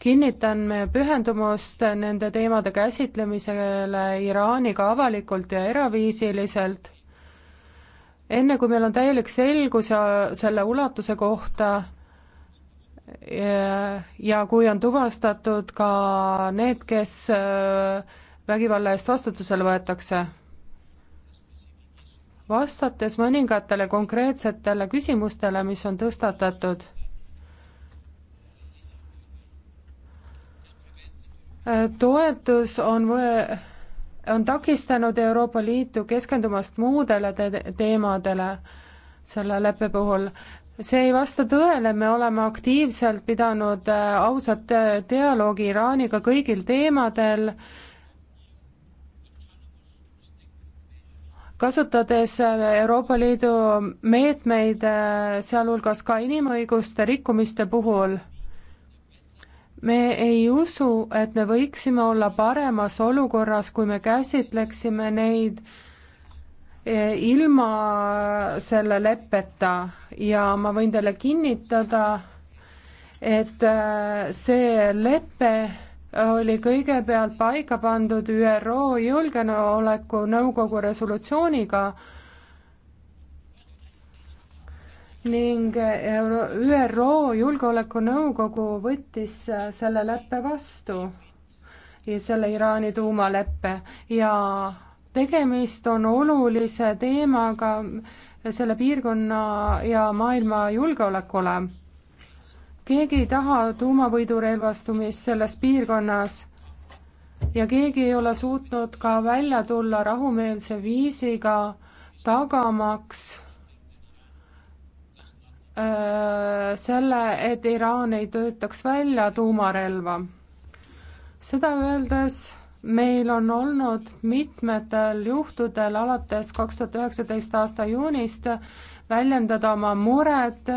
kinnitan meie pühendumust nende teemade käsitlemisele Iraaniga avalikult ja eraviisiliselt. enne kui meil on täielik selgus ja selle ulatuse kohta ja, eh, ja kui on tuvastatud ka need, kes eh, vägivalla eest vastutusele võetakse vastates mõningatele konkreetsetele küsimustele, mis on tõstatatud toetus on või on takistanud Euroopa Liitu keskendumast muudele te teemadele selle leppe puhul. see ei vasta tõele, me oleme aktiivselt pidanud äh, ausat äh, dialoogi Iraaniga kõigil teemadel, kasutades äh, Euroopa Liidu meetmeid, sealhulgas ka inimõiguste rikkumiste puhul me ei usu, et me võiksime olla paremas olukorras, kui me käsitleksime neid e, ilma selle leppeta ja ma võin teile kinnitada, et e, see lepe oli kõigepealt paika pandud ÜRO Julgeolekunõukogu resolutsiooniga ning eh, Euro ÜRO Julgeolekunõukogu võttis eh, selle leppe vastu, selle Iraani tuumaleppe ja tegemist on olulise teemaga selle piirkonna ja maailma julgeolekule. keegi ei taha tuumavõidurelvastumist selles piirkonnas ja keegi ei ole suutnud ka välja tulla rahumeelse viisiga tagamaks Äh, selle, et Iraan ei töötaks välja tuumarelva. seda öeldes meil on olnud mitmetel juhtudel alates kaks tuhat üheksateist aasta juunist väljendada oma muret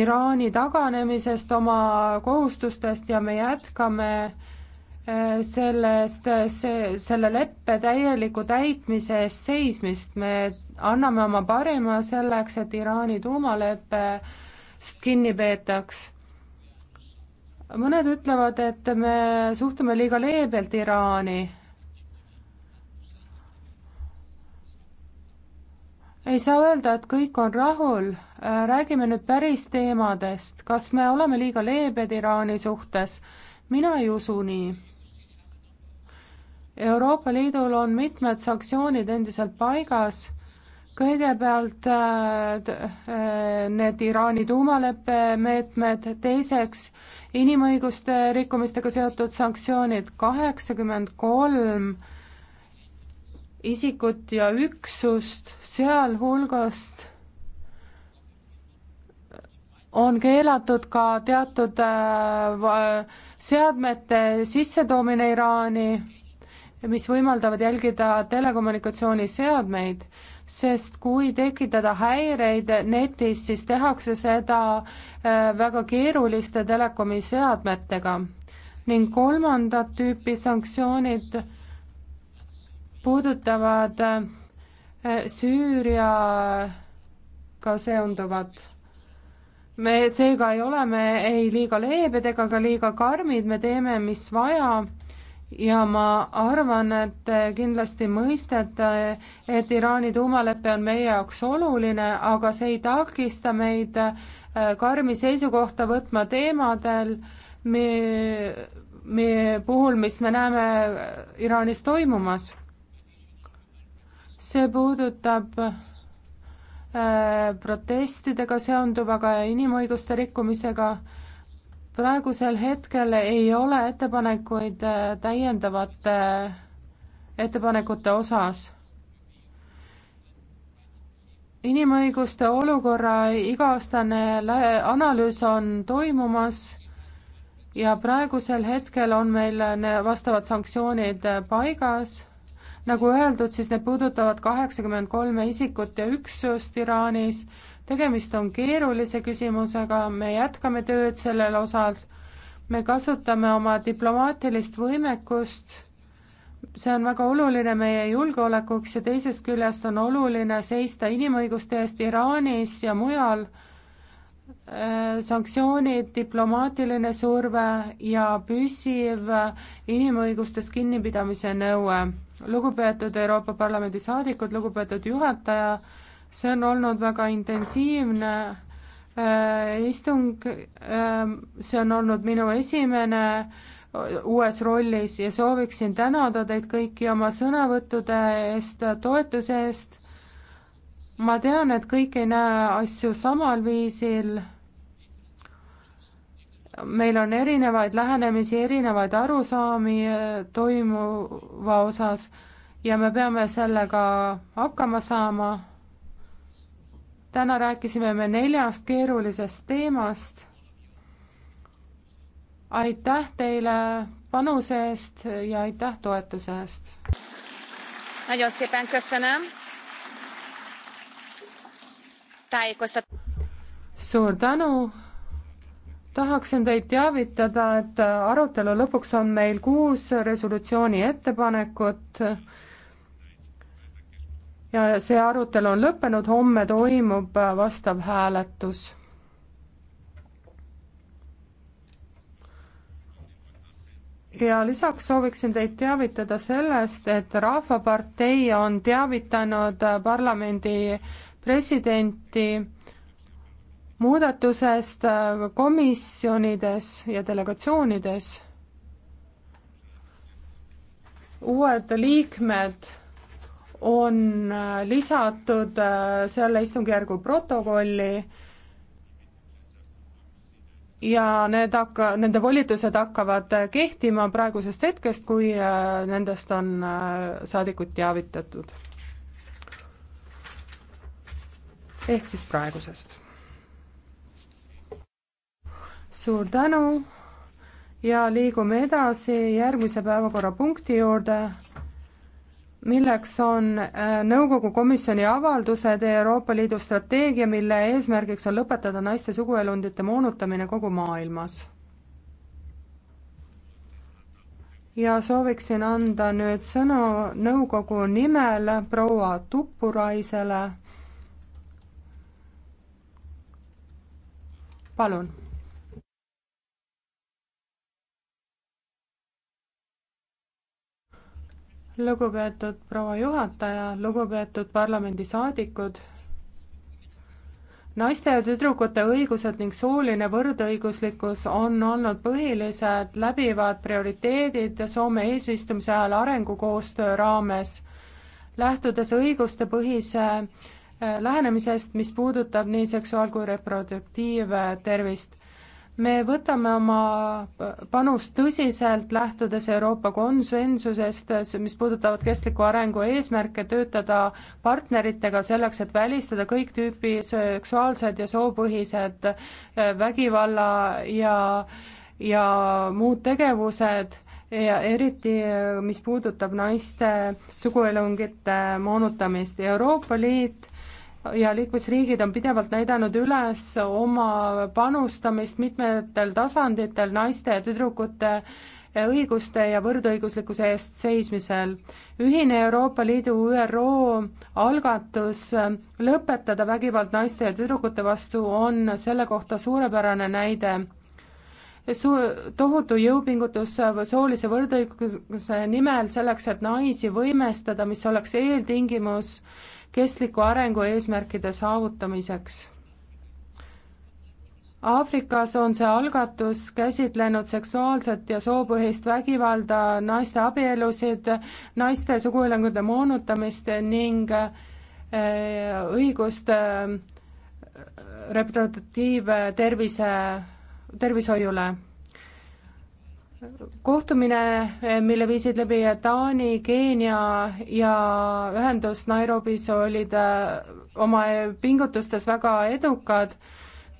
Iraani taganemisest oma kohustustest ja me jätkame äh, sellest, see, selle leppe täieliku täitmise eest seismist, me anname oma parima selleks, et Iraani tuumaleppest kinni peetaks. mõned ütlevad, et me suhtume liiga leebelt Iraani. ei saa öelda, et kõik on rahul, räägime nüüd päris teemadest, kas me oleme liiga leebed Iraani suhtes? mina ei usu nii Euroopa Liidul on mitmed sanktsioonid endiselt paigas kõigepealt äh, äh, need Iraani tuumaleppe meetmed, teiseks inimõiguste rikkumistega seotud sanktsioonid, kaheksakümmend kolm isikut ja üksust, sealhulgast on keelatud ka teatud äh, seadmete sissetoomine Iraani, mis võimaldavad jälgida telekommunikatsiooniseadmeid sest kui tekitada häireid netis, siis tehakse seda äh, väga keeruliste telekomiseadmetega. ning kolmandat tüüpi sanktsioonid puudutavad äh, Süüriaga seonduvat. me seega ei ole me ei liiga leebed ega ka liiga karmid, me teeme, mis vaja ja ma arvan, et te kindlasti mõistate, et Iraani tuumalepe on meie jaoks oluline, aga see ei takista meid äh, karmi seisukohta võtma teemadel, me, me puhul, mis me näeme äh, Iraanis toimumas. see puudutab äh, protestidega seonduvaga ja inimõiguste rikkumisega äh, praegusel hetkel ei ole ettepanekuid äh, täiendavate äh, ettepanekute osas inimõiguste olukorra iga-aastane analüüs on toimumas ja praegusel hetkel on meil vastavad sanktsioonid äh, paigas. nagu öeldud, siis need puudutavad kaheksakümmend kolme isikut ja üksust Iraanis, tegemist on keerulise küsimusega, me jätkame tööd sellel osas, me kasutame oma diplomaatilist võimekust, see on väga oluline meie julgeolekuks ja teisest küljest on oluline seista inimõiguste eest Iraanis ja mujal, äh, sanktsioonid, diplomaatiline surve ja püsiv inimõigustest kinnipidamise nõue. lugupeetud Euroopa Parlamendi saadikud, lugupeetud juhataja, see on olnud väga intensiivne äh, istung, ähm, see on olnud minu esimene äh, uues rollis ja sooviksin tänada teid kõiki oma sõnavõttude eest, toetuse eest. ma tean, et kõik ei näe asju samal viisil. meil on erinevaid lähenemisi, erinevaid arusaami äh, toimuva osas ja me peame sellega hakkama saama täna rääkisime me neljast keerulisest teemast. aitäh teile panuse eest ja aitäh toetuse eest. suur tänu. tahaksin teid teavitada, et arutelu lõpuks on meil kuus resolutsiooni ettepanekut ja see arutelu on lõppenud, homme toimub äh, vastav hääletus. ja lisaks sooviksin teid teavitada sellest, et Rahvapartei on teavitanud äh, parlamendi presidenti muudatusest äh, komisjonides ja delegatsioonides. uued liikmed on äh, lisatud äh, selle istungjärgu protokolli ja need hakka-, nende volitused hakkavad äh, kehtima praegusest hetkest, kui nendest on saadikud teavitatud. ehk siis praegusest. suur tänu ja liigume edasi järgmise päevakorrapunkti juurde milleks on äh, Nõukogu Komisjoni avaldused Euroopa Liidu strateegia, mille eesmärgiks on lõpetada naiste suguelundite moonutamine kogu maailmas. ja sooviksin anda nüüd sõna nõukogu nimel proua Tuppuraisele. palun lugupeetud proua juhataja, lugupeetud parlamendisaadikud. naiste ja tüdrukute õigused ning sooline võrdõiguslikkus on olnud põhilised läbivad prioriteedid Soome eesistumise ajal arengukoostöö raames, lähtudes õigustepõhise eh, lähenemisest, mis puudutab nii seksuaal- kui reproduktiivtervist me võtame oma panust tõsiselt, lähtudes Euroopa konsensusest, mis puudutavad kestliku arengu eesmärke, töötada partneritega selleks, et välistada kõik tüüpi seksuaalsed ja soopõhised eh, vägivalla ja, ja muud tegevused ja eriti, eh, mis puudutab naiste suguelungite moonutamist. Euroopa Liit ja liikmesriigid on pidevalt näidanud üles oma panustamist mitmetel tasanditel naiste ja tüdrukute õiguste ja võrdõiguslikkuse eest seismisel. ühine Euroopa Liidu ÜRO algatus lõpetada vägivald naiste ja tüdrukute vastu on selle kohta suurepärane näide. Su-, tohutu jõupingutus soolise võrdõiguse nimel selleks, et naisi võimestada, mis oleks eeltingimus äh, kestliku arengu eesmärkide saavutamiseks. Aafrikas on see algatus käsitlenud seksuaalset ja soopõhist vägivalda, naiste abielusid, naiste suguelundite moonutamist ning eh, õigust eh, reproduktiivtervise, tervishoiule kohtumine, mille viisid läbi Taani, Keenia ja ühendus Nairobis olid äh, oma pingutustes väga edukad,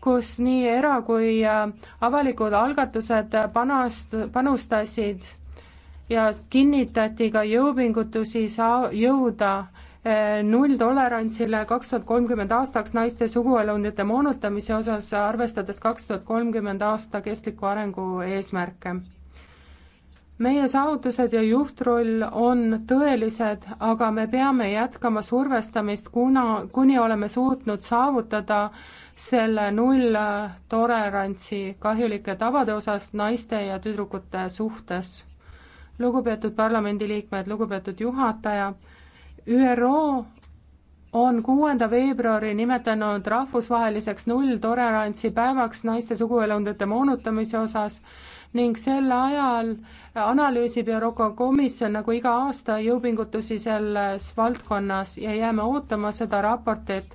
kus nii era- kui äh, avalikud algatused panast-, panustasid ja kinnitati ka jõupingutusi saa-, jõuda äh, nulltolerantsile kaks tuhat kolmkümmend aastaks naiste suguelundite moonutamise osas, arvestades kaks tuhat kolmkümmend aasta kestliku arengu eesmärke meie saavutused ja juhtroll on tõelised, aga me peame jätkama survestamist, kuna, kuni oleme suutnud saavutada selle nulltolerantsi kahjulike tavade osas naiste ja tüdrukute suhtes. lugupeetud parlamendiliikmed, lugupeetud juhataja, ÜRO on kuuenda veebruari nimetanud rahvusvaheliseks nulltolerantsi päevaks naiste suguelundite moonutamise osas ning sel ajal analüüsib Euroopa Komisjon nagu iga aasta jõupingutusi selles valdkonnas ja jääme ootama seda raportit.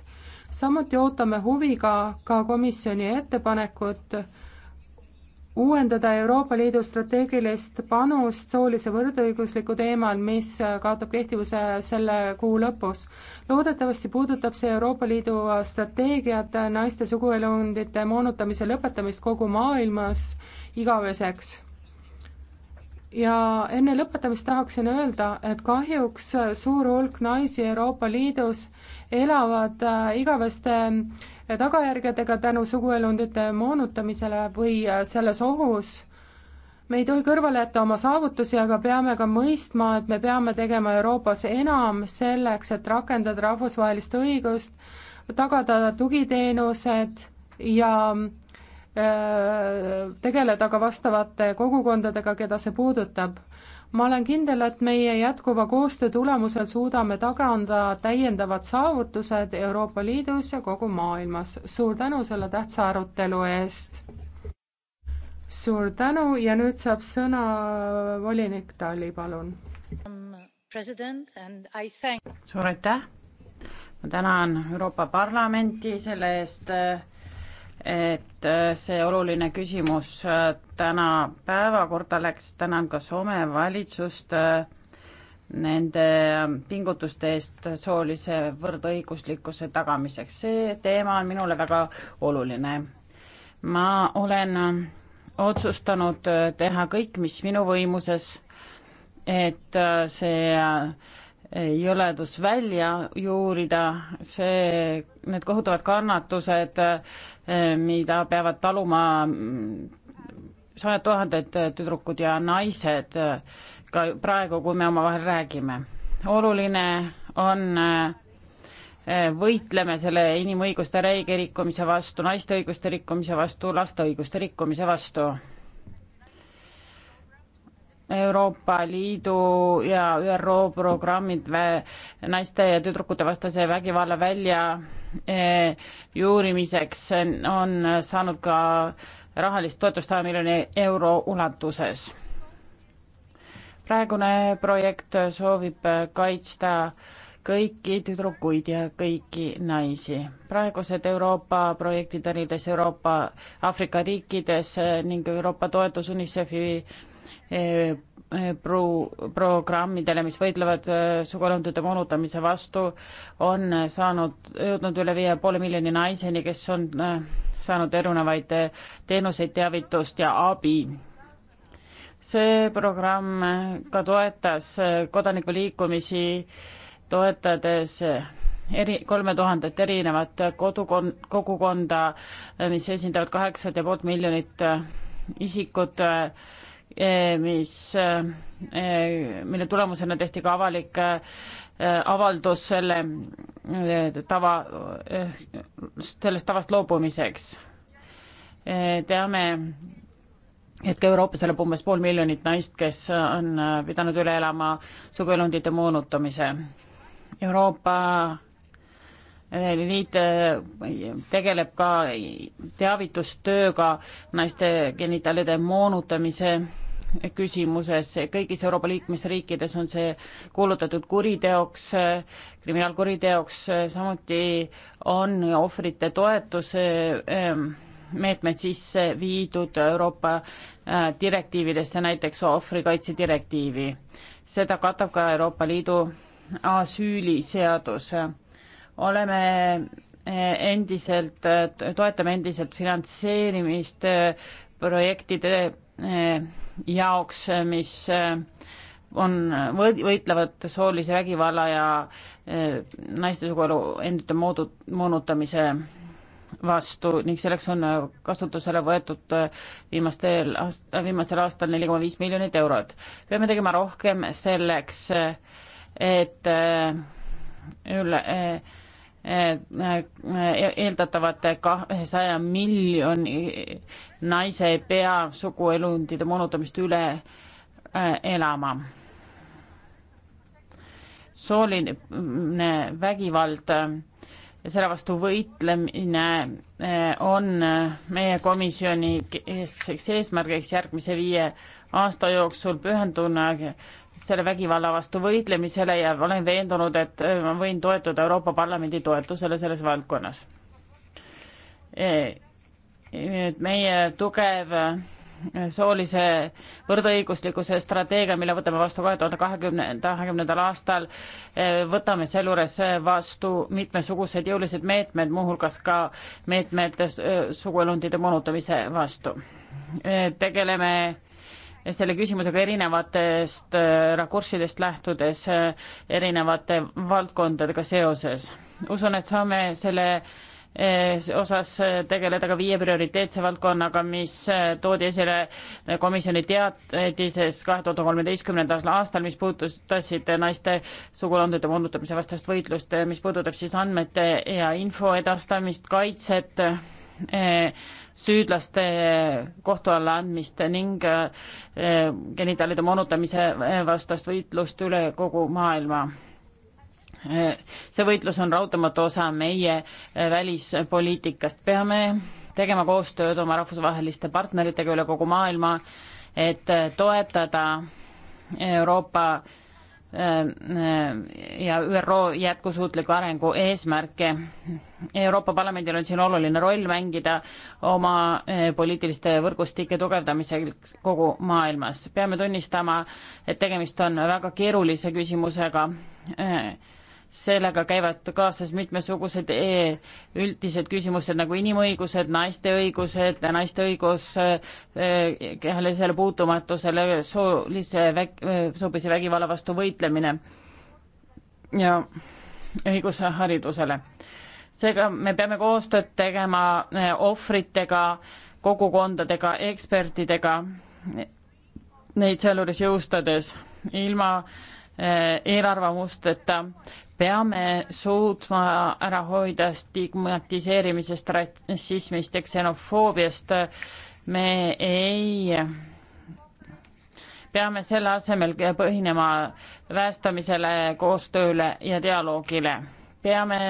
samuti ootame huviga ka komisjoni ettepanekut uuendada Euroopa Liidu strateegilist panust soolise võrdõigusliku teemal, mis kaotab kehtivuse selle kuu lõpus. loodetavasti puudutab see Euroopa Liidu strateegiat naiste suguelundite moonutamise lõpetamist kogu maailmas igaveseks. ja enne lõpetamist tahaksin öelda, et kahjuks suur hulk naisi Euroopa Liidus elavad äh, igaveste äh, tagajärgedega tänu suguelundite moonutamisele või äh, selles ohus me ei tohi kõrvale jätta oma saavutusi, aga peame ka mõistma, et me peame tegema Euroopas enam selleks, et rakendada rahvusvahelist õigust, tagada tugiteenused ja Äh, tegeleda ka vastavate kogukondadega, keda see puudutab. ma olen kindel, et meie jätkuva koostöö tulemusel suudame tagada täiendavad saavutused Euroopa Liidus ja kogu maailmas. suur tänu selle tähtsa arutelu eest! suur tänu ja nüüd saab sõna volinik Tali, palun. suur aitäh! ma tänan Euroopa Parlamenti selle eest äh, et äh, see oluline küsimus äh, täna päevakorda läks, tänan ka Soome valitsust äh, nende pingutuste eest soolise võrdõiguslikkuse tagamiseks. see teema on minule väga oluline. ma olen otsustanud teha kõik, mis minu võimuses, et see jõledus välja juurida, see, need kohutavad kannatused, eh, mida peavad taluma mm, sajad tuhanded eh, tüdrukud ja naised eh, ka praegu, kui me omavahel räägime. oluline on võitleme selle inimõiguste reegi rikkumise vastu, naiste õiguste rikkumise vastu, laste õiguste rikkumise vastu Euroopa Liidu ja ÜRO programmid naiste ja tüdrukute vastase vägivalla välja e, juurimiseks on saanud ka rahalist toetust saja miljoni euro ulatuses. praegune projekt soovib kaitsta kõiki tüdrukuid ja kõiki naisi. praegused Euroopa projektid, erinevates Euroopa, Aafrika riikides ning Euroopa toetus UNICEF-i Eh, eh, pro-, programmidele, mis võitlevad eh, suguelundite moonutamise vastu, on saanud, jõudnud üle viie poole miljoni naiseni, kes on saanud erinevaid teenuseid, teavitust ja abi. see programm ka toetas kodanikuliikumisi, toetades eri, kolme tuhandet erinevat kodukon-, kogukonda, mis esindavad kaheksat ja poolt miljonit isikut äh, Eh, mis, eh, eh, mille tulemusena tehti ka avalik avaldus selle tava, sellest tavast loobumiseks. teame, et ka Euroopas elab umbes pool miljonit naist, kes on pidanud üle elama suguelundite moonutamise. Euroopa Liit tegeleb ka teavitustööga naiste genitaalide moonutamise küsimuses, kõigis Euroopa liikmesriikides on see kuulutatud kuriteoks, kriminaalkuriteoks, samuti on ohvrite toetuse ehm, meetmed sisse viidud Euroopa äh, direktiividesse, näiteks ohvrikaitse direktiivi. seda katab ka Euroopa Liidu asüüliseadus. oleme äh, endiselt, äh, toetame endiselt finantseerimist projektide Eh, jaoks, eh, mis eh, on, võitlevad soolise vägivalla ja naiste suguelu endite moodu-, moonutamise vastu ning selleks on kasutusele võetud viimastel aast-, viimasel aastal neli koma viis miljonit eurot. peame tegema rohkem selleks, et üle äh, Eh, eh, eeldatavate kahesaja miljoni naise ei pea suguelundide moonutamist üle eh, elama. sooline mm, vägivald ja selle vastu võitlemine eh, on eh, meie komisjoni keskseks eesmärgiks järgmise viie aasta jooksul pühenduna eh, selle vägivalla vastu võitlemisele ja olen veendunud, et ma võin toetuda Euroopa Parlamendi toetusele selles valdkonnas. meie tugev soolise võrdõiguslikkuse strateegia, mille võtame vastu kahe tuhande kahekümnenda, kahekümnendal aastal, võtame sealjuures vastu mitmesugused jõulised meetmed, muuhulgas ka meetmed suguelundide moonutamise vastu. tegeleme selle küsimusega erinevatest rakurssidest lähtudes erinevate valdkondadega seoses. usun, et saame selle Eh, osas eh, tegeleda ka viie prioriteetse valdkonnaga, mis eh, toodi esile komisjoni teatises kahe tuhande kolmeteistkümnendal aastal, mis puudutasid naiste sugulandade moonutamise vastast võitlust, mis puudutab siis andmete ja info edastamist, kaitset, süüdlaste kohtu alla andmist ning genitaalide moonutamise vastast võitlust üle kogu maailma see võitlus on raudamatu osa meie eh, välispoliitikast. peame tegema koostööd oma rahvusvaheliste partneritega üle kogu maailma, et eh, toetada Euroopa eh, ja ÜRO jätkusuutliku arengu eesmärke. Euroopa Parlamendil on siin oluline roll mängida oma poliitiliste võrgustike tugevdamiseks kogu maailmas. peame tunnistama, et tegemist on väga keerulise küsimusega sellega käivad kaasas mitmesugused e üldised küsimused nagu inimõigused, naiste õigused, naiste õigus eh, kehalisele puutumatusele, soolise väg-, soopõhise vägivalla vastu võitlemine ja õigus haridusele. seega me peame koostööd tegema eh, ohvritega, kogukondadega, ekspertidega, neid sealjuures jõustades ilma eh, eelarvamusteta peame suutma ära hoida stigmatiseerimisest, rassismist ja ksenofoobiast. me ei, peame selle asemel põhinema päästamisele, koostööle ja dialoogile. peame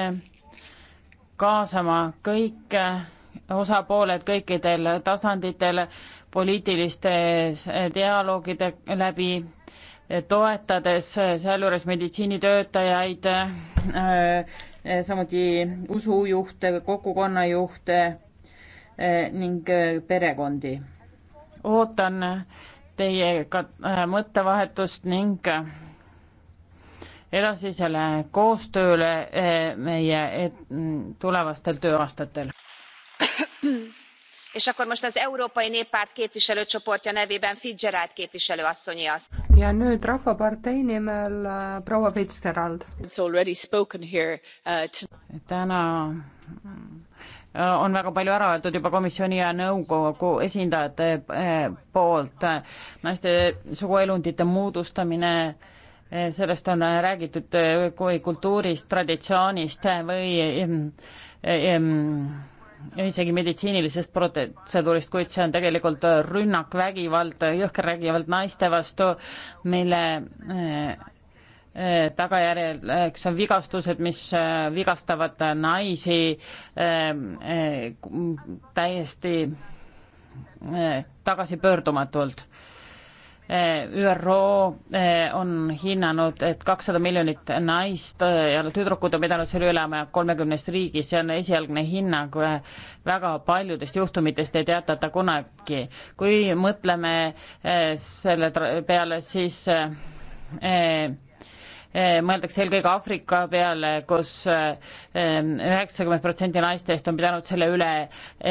kaasama kõik osapooled kõikidel tasanditel poliitiliste dialoogide läbi toetades sealjuures meditsiinitöötajaid, äh, samuti usujuhte, kogukonnajuhte äh, ning äh, perekondi. ootan teiega mõttevahetust ning edasisele koostööle meie mm, tulevastel tööaastatel. és akkor most az európai néppárt képviselőcsoportja nevében fitzgerald képviselő asszonyé a szó. ja nüüd rahvapartei nimel äh, proua fitzgerald. Uh, täna äh, on väga palju ära öeldud juba komisjoni ja nõukogu esindajate äh, poolt. naiste suguelundite moodustamine, äh, sellest on räägitud kui kultuurist, traditsioonist või isegi meditsiinilisest protseduurist, kuid see on tegelikult äh, rünnak, vägivald, äh, jõhker vägivald naiste vastu, mille äh, tagajärjeks on vigastused, mis vigastavad naisi ähm, täiesti tagasipöördumatult Eh, ÜRO eh, on hinnanud, et kakssada miljonit naist eh, ja tüdrukud on pidanud selle ülema kolmekümnes riigis, see on esialgne hinnang väga paljudest juhtumitest ei teatata kunagi. kui mõtleme selle peale, siis mõeldakse eelkõige Aafrika peale kus, kus üheksakümmend protsenti naistest on pidanud selle üle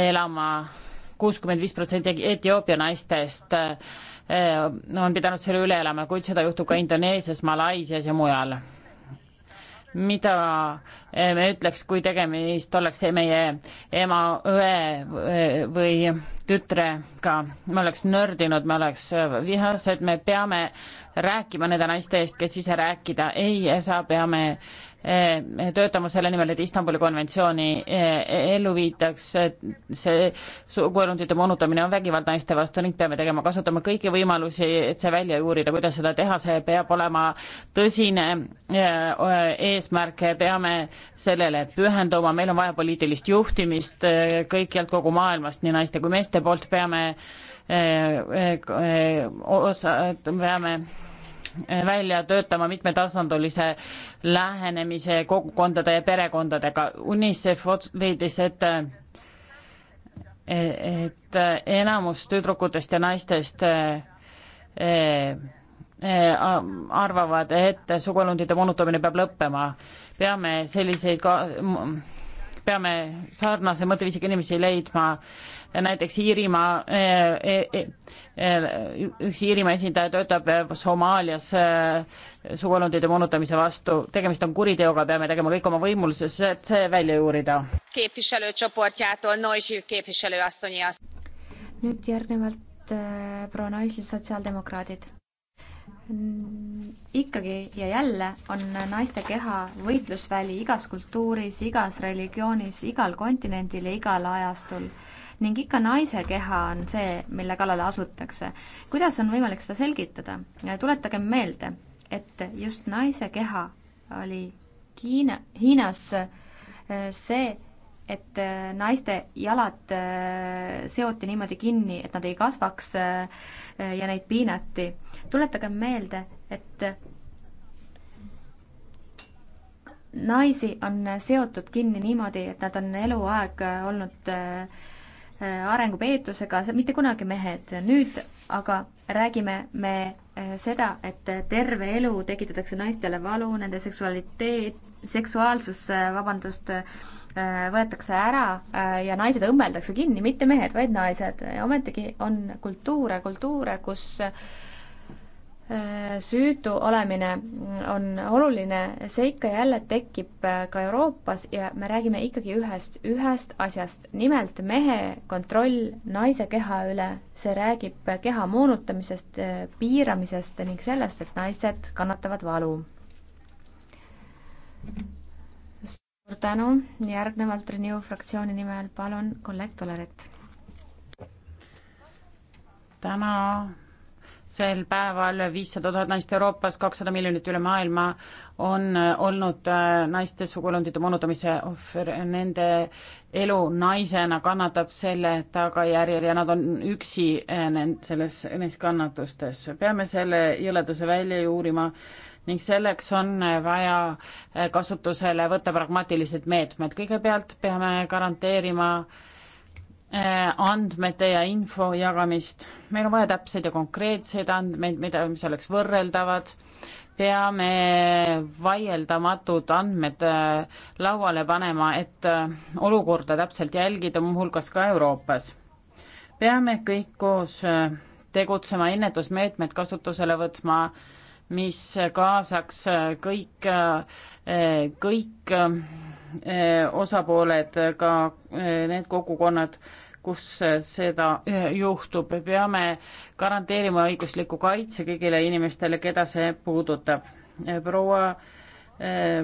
elama, kuuskümmend viis protsenti Etioopia naistest Äh, on pidanud selle üle elama, kuid seda juhtub ka Indoneesias, Malaisias ja mujal. mida äh, me ütleks, kui tegemist oleks meie ema, õe äh, või tütrega, me oleks nördinud, me oleks vihased, me peame rääkima nende naiste eest, kes ise rääkida ei saa, peame Eh, töötama selle nimel, et Istanbuli konventsiooni eh, ellu viidaks, see suguelundite moonutamine on vägivald naiste vastu ning peame tegema, kasutama kõiki võimalusi, et see välja juurida, kuidas seda teha, see peab olema tõsine eh, eesmärk, peame sellele pühenduma, meil on vaja poliitilist juhtimist kõikjalt kogu maailmast, nii naiste kui meeste poolt, peame osa, peame välja töötama mitmetasandulise lähenemise kogukondade ja perekondadega. UNICEF leidis, et et enamus tüdrukutest ja naistest e, e, e, arvavad, et suguelundite moonutamine peab lõppema. peame selliseid ka peame sarnase mõtteviisiga inimesi leidma, näiteks Iirimaa e, e, e, üks Iirimaa esindaja töötab Somaalias suguelundite moonutamise vastu, tegemist on kuriteoga, peame tegema kõik oma võimuluses, et see välja juurida. nüüd järgnevalt proua Naisli, sotsiaaldemokraadid ikkagi ja jälle on naiste keha võitlusväli igas kultuuris, igas religioonis, igal kontinendil ja igal ajastul. ning ikka naise keha on see, mille kallale asutakse. kuidas on võimalik seda selgitada? tuletagem meelde, et just naise keha oli Kiina, Hiinas eh, see, et äh, naiste jalad äh, seoti niimoodi kinni, et nad ei kasvaks äh, ja neid piinati. tuletagem meelde, et naisi on seotud kinni niimoodi, et nad on eluaeg olnud arengupeetusega, mitte kunagi mehed. nüüd aga räägime me seda, et terve elu tekitatakse naistele valu, nende seksualiteet, seksuaalsus, vabandust, Äh, võetakse ära äh, ja naised õmmeldakse kinni, mitte mehed, vaid naised. ometigi on kultuure, kultuure, kus äh, süütu olemine on oluline, see ikka ja jälle tekib ka Euroopas ja me räägime ikkagi ühest, ühest asjast. nimelt mehe kontroll naise keha üle, see räägib keha moonutamisest, piiramisest ning sellest, et naised kannatavad valu suur tänu, järgnevalt Renew fraktsiooni nimel palun kolleeg Tolerit. täna sel päeval viissada tuhat naist Euroopas, kakssada miljonit üle maailma on äh, olnud äh, naiste sugulundide moonutamise ohver, nende elu naisena kannatab selle tagajärjel ja nad on üksi äh, nend-, selles, neis kannatustes. peame selle jõleduse välja juurima ning selleks on vaja kasutusele võtta pragmaatilised meetmed. kõigepealt peame garanteerima eh, andmete ja info jagamist. meil on vaja täpseid ja konkreetseid andmeid, mida, mis oleks võrreldavad, peame vaieldamatud andmed eh, lauale panema, et eh, olukorda täpselt jälgida, muuhulgas ka Euroopas. peame kõik koos tegutsema, ennetusmeetmed kasutusele võtma äh, mis kaasaks kõik, kõik eh, osapooled, ka eh, need kogukonnad, kus seda eh, juhtub, peame garanteerima õigusliku kaitse kõigile inimestele, keda see puudutab. proua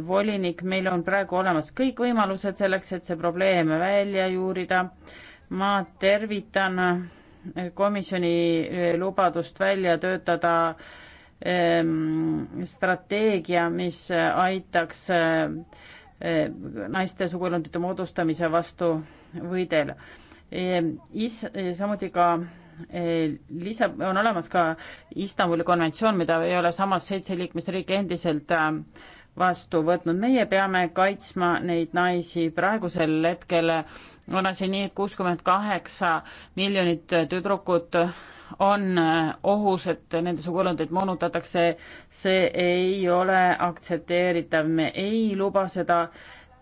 volinik, meil on praegu olemas kõik võimalused selleks, et see probleem välja juurida. ma tervitan komisjoni lubadust välja töötada äh, Ehm, strateegia, mis äh, aitaks äh, äh, naiste suguelundite moodustamise vastu võidel. Ehm, Is-, samuti ka lisa, on olemas ka Istanbuli konventsioon, mida ei ole samas seitse liikmesriiki endiselt vastu võtnud. meie peame kaitsma neid naisi, praegusel hetkel on asi nii, et kuuskümmend kaheksa miljonit tüdrukut on äh, ohus, et nende sugulandeid moonutatakse, see ei ole aktsepteeritav, me ei luba seda.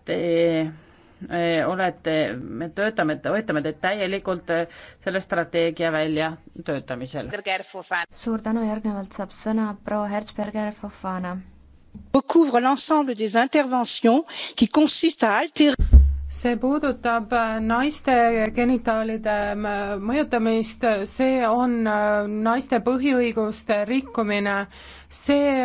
Te olete, me töötame, toetame teid täielikult äh, selle strateegia väljatöötamisel. suur tänu, järgnevalt saab sõna proua Herzberger Fofana recouvre l'ensemble des interventions qui consistent à altérer see puudutab naiste genitaalide mõjutamist, see on naiste põhiõiguste rikkumine. see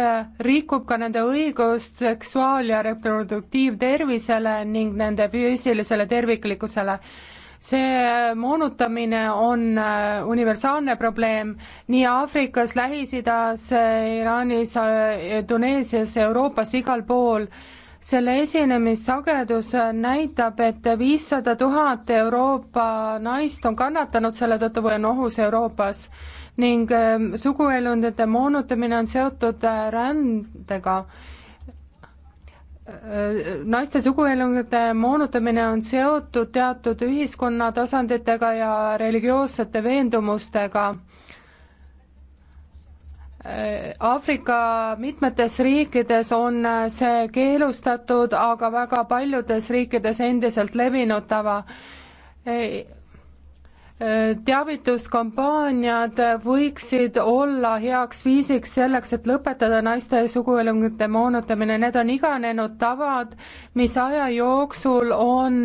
rikub ka nende õigust seksuaal- ja reproduktiivtervisele ning nende füüsilisele terviklikkusele. see moonutamine on universaalne probleem nii Aafrikas, Lähis-Idas, Iraanis, Tuneesias, Euroopas, igal pool selle esinemissagedus näitab, et viissada tuhat Euroopa naist on kannatanud selle tõttu või on ohus Euroopas ning ähm, suguelundite moonutamine on seotud äh, rändega. Äh, naiste suguelundite moonutamine on seotud teatud ühiskonna tasanditega ja religioossete veendumustega Aafrika mitmetes riikides on see keelustatud, aga väga paljudes riikides endiselt levinud tava teavituskampaaniad võiksid olla heaks viisiks selleks, et lõpetada naiste suguelundite moonutamine, need on iganenud tavad, mis aja jooksul on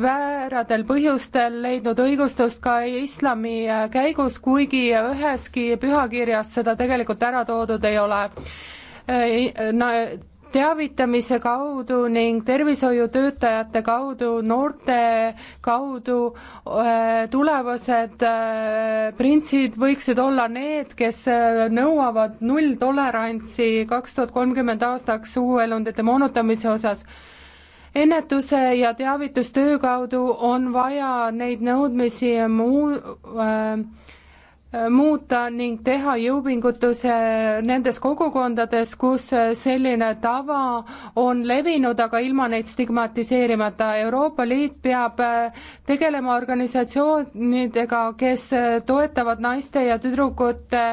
vääradel põhjustel leidnud õigustust ka islami käigus, kuigi üheski pühakirjas seda tegelikult ära toodud ei ole teavitamise kaudu ning tervishoiutöötajate kaudu, noorte kaudu tulevased printsid võiksid olla need, kes nõuavad nulltolerantsi kaks tuhat kolmkümmend aastaks uuelundite moonutamise osas ennetuse ja teavitustöö kaudu on vaja neid nõudmisi muu äh, muuta ning teha jõupingutuse nendes kogukondades, kus selline tava on levinud, aga ilma neid stigmatiseerimata. Euroopa Liit peab tegelema organisatsioonidega, kes toetavad naiste ja tüdrukute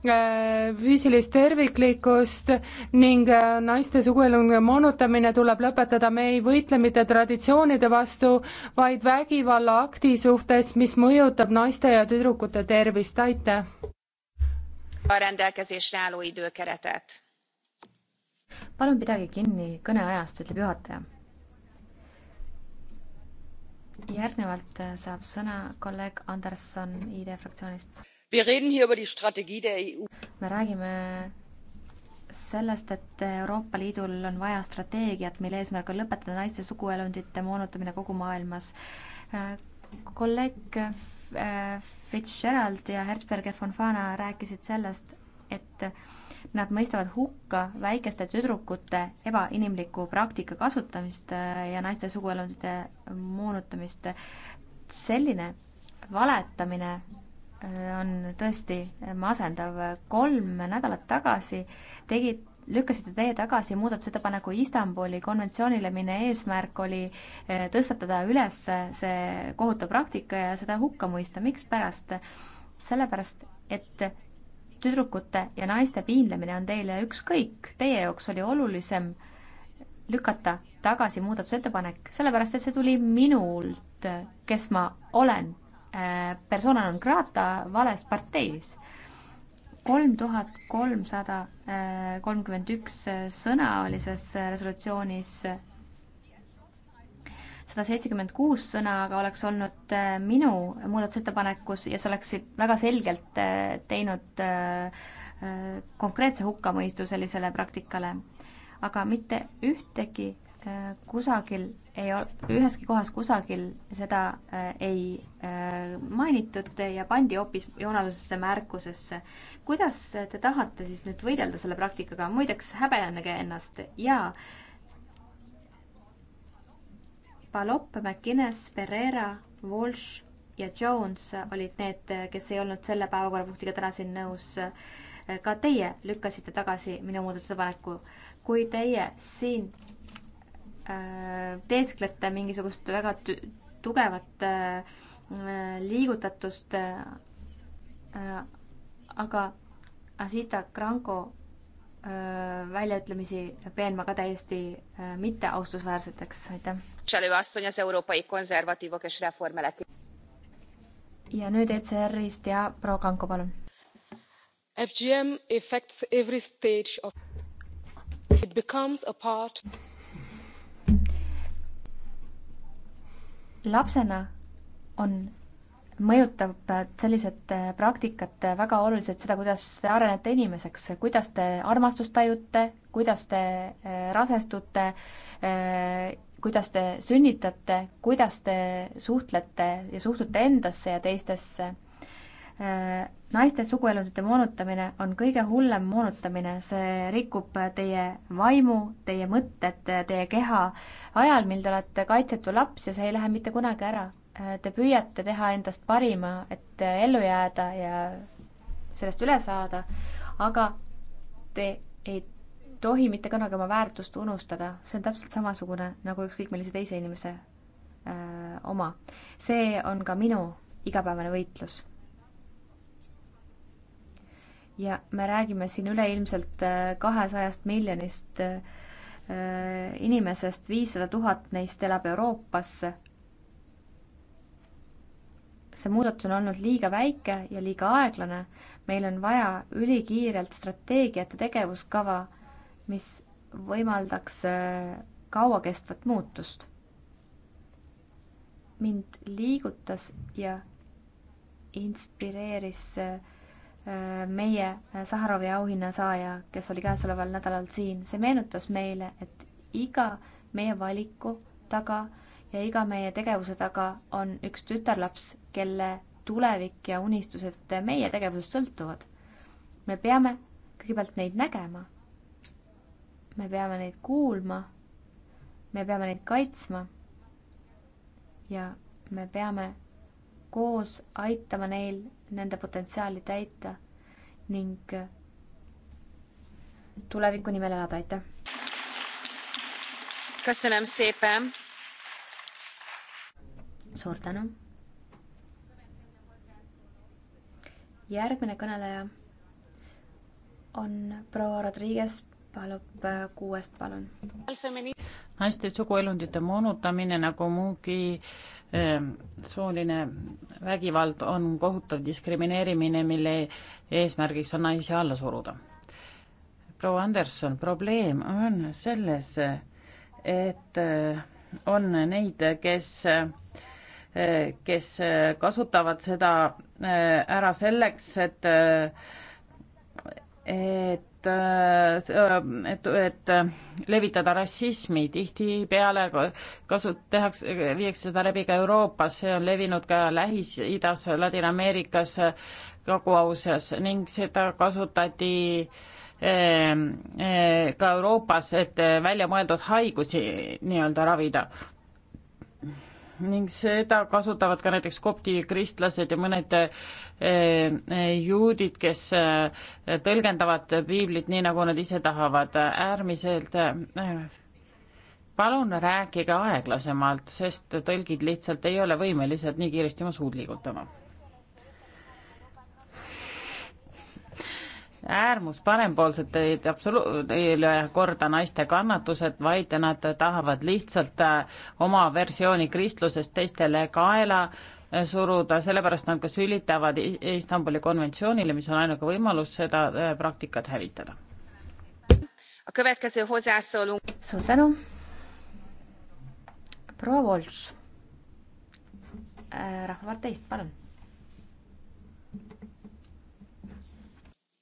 Äh, füüsilist terviklikkust ning äh, naiste suguelu moonutamine tuleb lõpetada, me ei võitle mitte traditsioonide vastu, vaid vägivallaakti suhtes, mis mõjutab naiste ja tüdrukute tervist, aitäh. palun pidage kinni kõneajast, ütleb juhataja. järgnevalt saab sõna kolleeg Anderson ID e fraktsioonist E me räägime sellest, et Euroopa Liidul on vaja strateegiat, mille eesmärk on lõpetada naiste suguelundite moonutamine kogu maailmas. kolleeg äh, Fitzgerald ja Herzberger von Fana rääkisid sellest, et nad mõistavad hukka väikeste tüdrukute ebainimliku praktika kasutamist äh, ja naiste suguelundite moonutamist. selline valetamine on tõesti eh, masendav. kolm nädalat tagasi tegid, lükkasite teie tagasi muudatusettepaneku Istanbuli konventsioonile, mille eesmärk oli eh, tõstatada üles see kohutav praktika ja seda hukka mõista. mikspärast? sellepärast, et tüdrukute ja naiste piinlemine on teile ükskõik, teie jaoks oli olulisem lükata tagasi muudatusettepanek, sellepärast et see tuli minult, kes ma olen Äh, persona non grata vales parteis. kolm tuhat kolmsada äh, kolmkümmend üks äh, sõna oli selles resolutsioonis sada seitsekümmend kuus sõna aga oleks olnud minu muudatusettepanekus ja see oleks väga selgelt teinud konkreetse hukkamõistu sellisele praktikale. aga mitte ühtegi kusagil ei üheski kohas kusagil seda äh, ei äh, mainitud ja pandi hoopis joonalusesse märkusesse. kuidas te tahate siis nüüd võidelda selle praktikaga, muideks häbenege ennast ja Palop, McInnes, Pereira, Walsh ja Jones olid need, kes ei olnud selle päevakorrapunktiga täna siin nõus. ka teie lükkasite tagasi minu muudatusettepaneku. kui teie siin Äh, teesklete mingisugust väga tugevat äh, liigutatust. Äh, aga Asita Kranko väljaütlemisi pean ma ka täiesti mitteaustusväärseteks, aitäh. ja nüüd ECR-ist ja proua Kanko, palun. FGM affects every stage of it becomes a part lapsena on, mõjutab äh, sellised äh, praktikad äh, väga oluliselt seda, kuidas te arenete inimeseks, kuidas te armastust tajute, kuidas te rasestute, kuidas te sünnitate, kuidas te suhtlete ja suhtute endasse ja teistesse Äh, naiste suguelundite moonutamine on kõige hullem moonutamine, see rikub teie vaimu, teie mõtted, teie keha ajal, mil te olete kaitsetu laps ja see ei lähe mitte kunagi ära. Äh, te püüate teha endast parima, et ellu jääda ja sellest üle saada, aga te ei tohi mitte kunagi oma väärtust unustada, see on täpselt samasugune nagu ükskõik millise teise inimese öö, äh, oma. see on ka minu igapäevane võitlus ja me räägime siin üleilmselt äh, kahesajast miljonist äh, äh, inimesest, viissada tuhat neist elab Euroopas. see muudatus on olnud liiga väike ja liiga aeglane. meil on vaja ülikiirelt strateegiat ja tegevuskava, mis võimaldaks kauakestvat muutust. mind liigutas ja inspireeris äh, meie Saharovi auhinna saaja, kes oli käesoleval nädalal siin, see meenutas meile, et iga meie valiku taga ja iga meie tegevuse taga on üks tütarlaps, kelle tulevik ja unistused meie tegevusest sõltuvad. me peame kõigepealt neid nägema. me peame neid kuulma. me peame neid kaitsma. ja me peame koos aitama neil nende potentsiaali täita ning tuleviku nimel elada, aitäh! suur tänu! järgmine kõneleja on proua Rodriguez palub äh, kuuest, palun. naiste suguelundite moonutamine nagu muugi ähm, sooline vägivald on kohutav diskrimineerimine, mille eesmärgiks on naisi alla suruda. proua Anderson, probleem on selles, et äh, on neid, kes äh, kes kasutavad seda ära selleks, et et et, äh, et, et levitada rassismi, tihtipeale kasu-, tehakse, viiakse seda läbi ka Euroopas, see on levinud ka Lähis-Idas, Ladina-Ameerikas, Kagu-Aasias ning seda kasutati äh, äh, ka Euroopas, et välja mõeldud haigusi nii-öelda ravida ning seda kasutavad ka näiteks kopti kristlased ja mõned eh, eh, juudid, kes eh, tõlgendavad piiblit nii, nagu nad ise tahavad, äärmiselt palun rääkige aeglasemalt, sest tõlgid lihtsalt ei ole võimelised nii kiiresti oma suud liigutama äärmus parempoolsed ei absolu-, ei ole korda naiste kannatused, vaid nad tahavad lihtsalt äh, oma versiooni kristlusest teistele kaela äh, suruda, sellepärast nad ka sülitavad Istanbuli konventsioonile, mis on ainuke võimalus seda äh, praktikat hävitada. suur tänu. proua Volš, Rahvaparteist, palun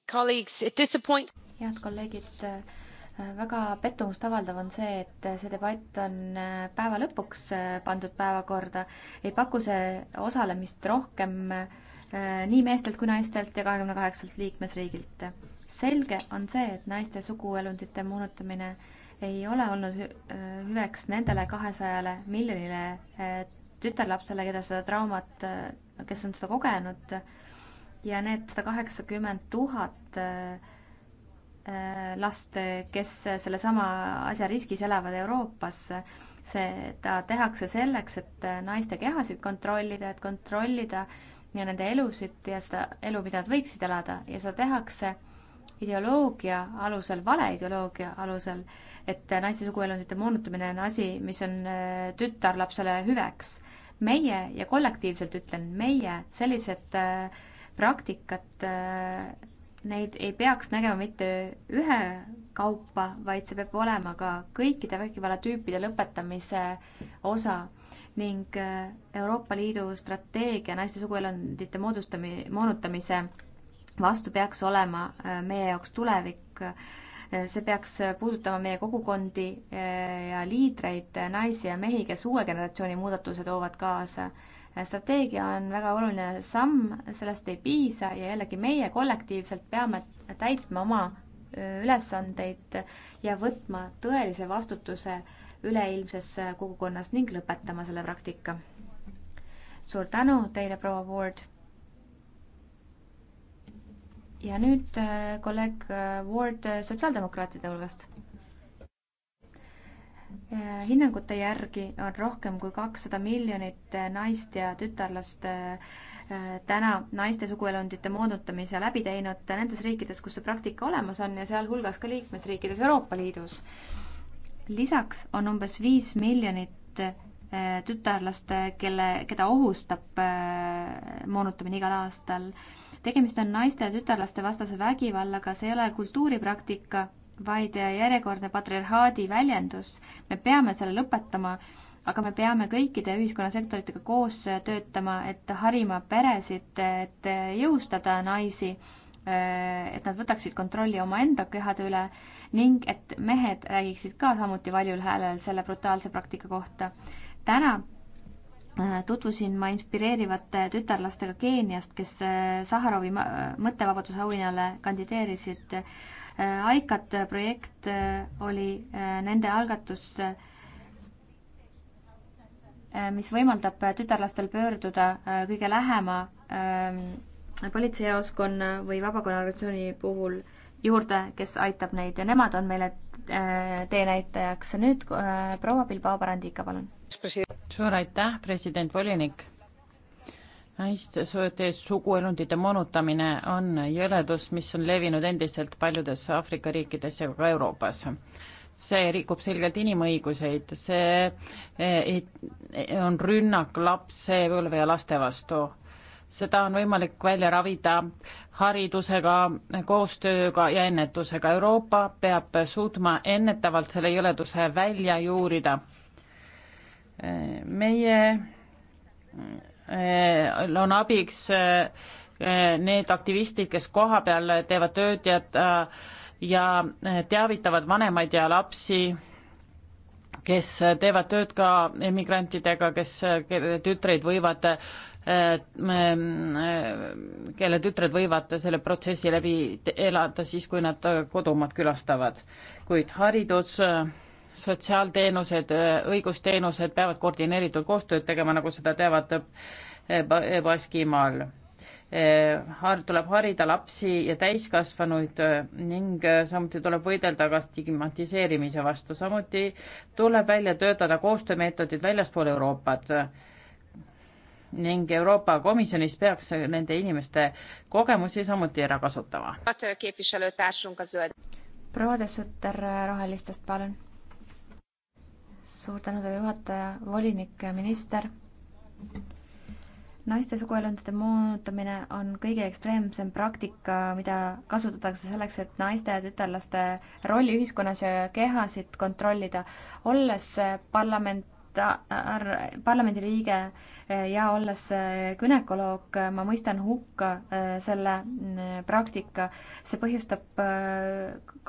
head kolleegid, äh, väga pettumust avaldav on see, et see debatt on äh, päeva lõpuks äh, pandud päevakorda. ei paku see osalemist rohkem nii meestelt kui naistelt ja kahekümne kaheksalt liikmesriigilt. selge on see, et naiste suguelundite moonutamine ei ole olnud hüveks nendele kahesajale miljonile tütarlapsele, keda seda traumat, kes on seda kogenud ja need sada kaheksakümmend tuhat äh, äh, last, kes sellesama asja riskis elavad Euroopas, seda tehakse selleks, et naiste kehasid kontrollida, et kontrollida ja nende elusid ja seda elu, mida nad võiksid elada ja seda tehakse ideoloogia alusel, valeideoloogia alusel, et naiste suguelundite moonutamine on asi, mis on äh, tütarlapsele hüveks. meie ja kollektiivselt ütlen meie, sellised äh, praktikat, äh, neid ei peaks nägema mitte ühekaupa, vaid see peab olema ka kõikide vägivallatüüpide lõpetamise osa ning äh, Euroopa Liidu strateegia naiste suguelundite moodustami-, moonutamise vastu peaks olema äh, meie jaoks tulevik. see peaks puudutama meie kogukondi ja liidreid, naisi ja mehi, kes uue generatsiooni muudatuse toovad kaasa strateegia on väga oluline samm, sellest ei piisa ja jällegi meie kollektiivselt peame täitma oma ülesandeid ja võtma tõelise vastutuse üleilmses kogukonnas ning lõpetama selle praktika. suur tänu teile, proua Ward. ja nüüd kolleeg Ward sotsiaaldemokraatide hulgast Äh, hinnangute järgi on rohkem kui kakssada miljonit äh, naist ja tütarlast äh, täna naiste suguelundite moonutamise läbi teinud nendes riikides, kus see praktika olemas on ja sealhulgas ka liikmesriikides Euroopa Liidus. lisaks on umbes viis miljonit tütarlast, kelle, keda ohustab moonutamine igal aastal. tegemist on naiste ja tütarlaste vastase vägivallaga, see ei ole kultuuripraktika vaid järjekordne patriarhaadi väljendus. me peame selle lõpetama, aga me peame kõikide ühiskonnasektoritega koos töötama, et harima peresid, et jõustada naisi, et nad võtaksid kontrolli omaenda kehade üle ning et mehed räägiksid ka samuti valjul häälel selle brutaalse praktika kohta. täna äh, tutvusin ma inspireerivate tütarlastega Keeniast, kes äh, Saharovi mõttevabaduse auhinnale kandideerisid. ICAT projekt äh, oli äh, nende algatus, äh, mis võimaldab tütarlastel pöörduda kõige lähema ähm, politseijaoskonna või vabakonnaorganisatsiooni puhul juurde, kes aitab neid ja nemad on meile teenäitajaks. nüüd proua Bilbao Barandika, palun. suur aitäh, president volinik naiste suguelundite moonutamine on jõledus, mis on levinud endiselt paljudes Aafrika riikides ja ka Euroopas. see rikub selgelt inimõiguseid, see eh, eh, on rünnak lapsepõlve ja laste vastu seda on võimalik välja ravida haridusega, koostööga ja ennetusega. Euroopa peab suutma ennetavalt selle jõleduse välja juurida. Eh, meie Eh, on abiks eh, eh, need aktivistid, kes kohapeal teevad tööd ja, ja teavitavad vanemaid ja lapsi, kes teevad tööd ka immigrantidega, kes, kelle tütreid võivad, kelle tütred võivad selle protsessi läbi elada siis, kui nad kodumaad külastavad. kuid haridus sotsiaalteenused, õigusteenused peavad koordineeritud koostööd tegema, nagu seda teavad eh, eh, Baskimaal. Eh, har-, tuleb harida lapsi ja täiskasvanuid ning samuti tuleb võidelda ka stigmatiseerimise vastu, samuti tuleb välja töötada koostöömeetodid väljaspool Euroopat ning Euroopa Komisjonis peaks nende inimeste kogemusi samuti ära kasutama. proua Tessuter Rohelistest, palun suur tänu teile, juhataja, volinik, minister. naiste suguelundite moonutamine on kõige ekstreemsem praktika, mida kasutatakse selleks, et naiste ja tütarlaste rolli ühiskonnas ja kehasid kontrollida. olles parlament parlamenta-, äh, parlamendiliige äh, ja olles äh, gümnakoloog, ma mõistan hukka selle mm, praktika. see põhjustab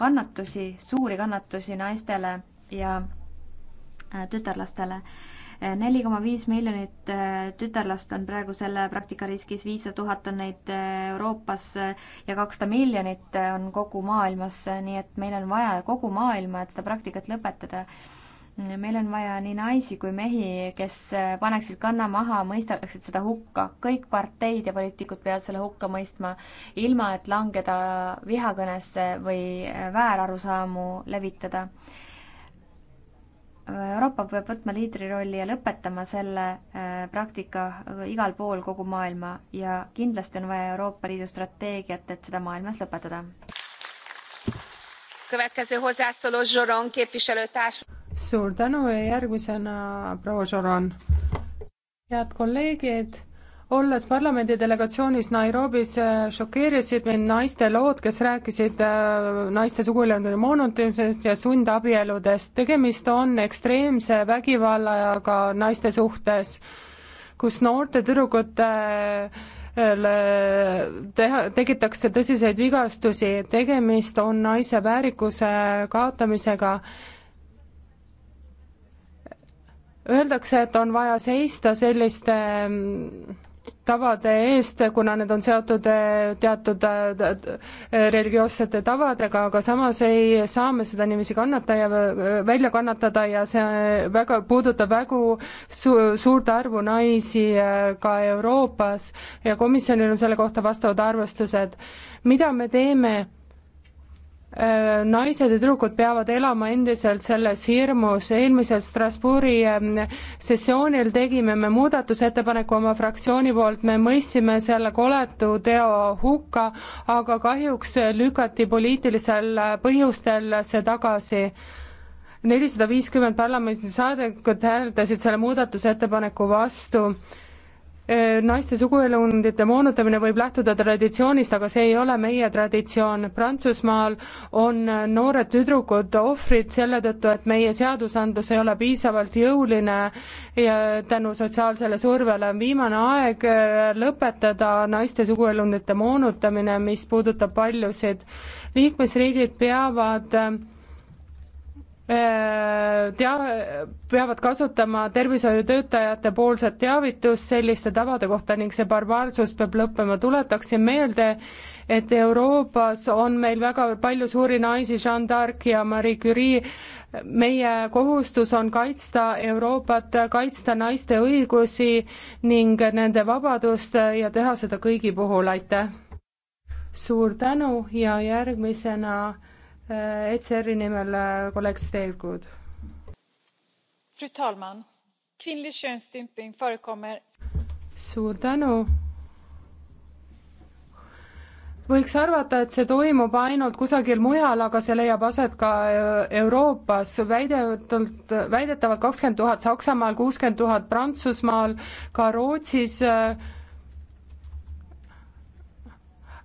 kannatusi, suuri kannatusi naistele ja Äh, tütarlastele. Äh, neli koma viis miljonit äh, tütarlast on praegu selle praktika riskis, viissada tuhat on neid Euroopas ja kakssada miljonit on kogu maailmas, nii et meil on vaja kogu maailma, et seda praktikat lõpetada mm, meil on vaja nii naisi kui mehi, kes paneksid kanna maha, mõistaksid seda hukka. kõik parteid ja poliitikud peavad selle hukka mõistma, ilma et langeda vihakõnesse või väärarusaamu levitada. Euroopa peab võtma liidrirolli ja lõpetama selle äh, praktika igal pool kogu maailma ja kindlasti on vaja Euroopa Liidu strateegiat, et seda maailmas lõpetada. suur tänu ja järgmisena proua Joron. head kolleegid olles parlamendi delegatsioonis Nairobis, äh, šokeerisid mind naiste lood, kes rääkisid äh, naiste sugulõndade moonutamisest ja sundabieludest. tegemist on ekstreemse vägivallaga naiste suhtes, kus noorte tüdrukute teha, tekitakse tõsiseid vigastusi, tegemist on naise väärikuse kaotamisega. Öeldakse, et on vaja seista selliste mm, tavade eest, kuna need on seotud eh, teatud eh, religioossete tavadega, aga samas ei saa me seda niiviisi kannata ja eh, välja kannatada ja see väga, puudutab väga su suurt arvu naisi ka Euroopas ja komisjonil on selle kohta vastavad arvestused. mida me teeme Äh, naised ja tüdrukud peavad elama endiselt selles hirmus. eelmisel Strasbourgi ähm, sessioonil tegime me muudatusettepaneku oma fraktsiooni poolt, me mõistsime selle koletu teo hukka, aga kahjuks lükati poliitilisel põhjustel see tagasi. nelisada viiskümmend parlamendisaadikut hääldasid selle muudatusettepaneku vastu Äh, naiste suguelundite moonutamine võib lähtuda traditsioonist, aga see ei ole meie traditsioon. Prantsusmaal on äh, noored tüdrukud ohvrid selle tõttu, et meie seadusandlus ei ole piisavalt jõuline ja tänu sotsiaalsele survele on viimane aeg äh, lõpetada naiste suguelundite moonutamine, mis puudutab paljusid. liikmesriigid peavad Äh, tea-, peavad kasutama tervishoiutöötajate poolset teavitust selliste tavade kohta ning see barbaarsus peab lõppema. tuletaksin meelde, et Euroopas on meil väga palju suuri naisi, Jeanne d'Arc ja Marie Curie, meie kohustus on kaitsta Euroopat, kaitsta naiste õigusi ning nende vabadust ja teha seda kõigi puhul, aitäh! suur tänu ja järgmisena ECR-i äh, nimel äh, kolleeg Steelgood. suur tänu. võiks arvata, et see toimub ainult kusagil mujal, aga see leiab aset ka äh, Euroopas, väidetavalt, väidetavalt kakskümmend tuhat Saksamaal, kuuskümmend tuhat Prantsusmaal, ka Rootsis äh,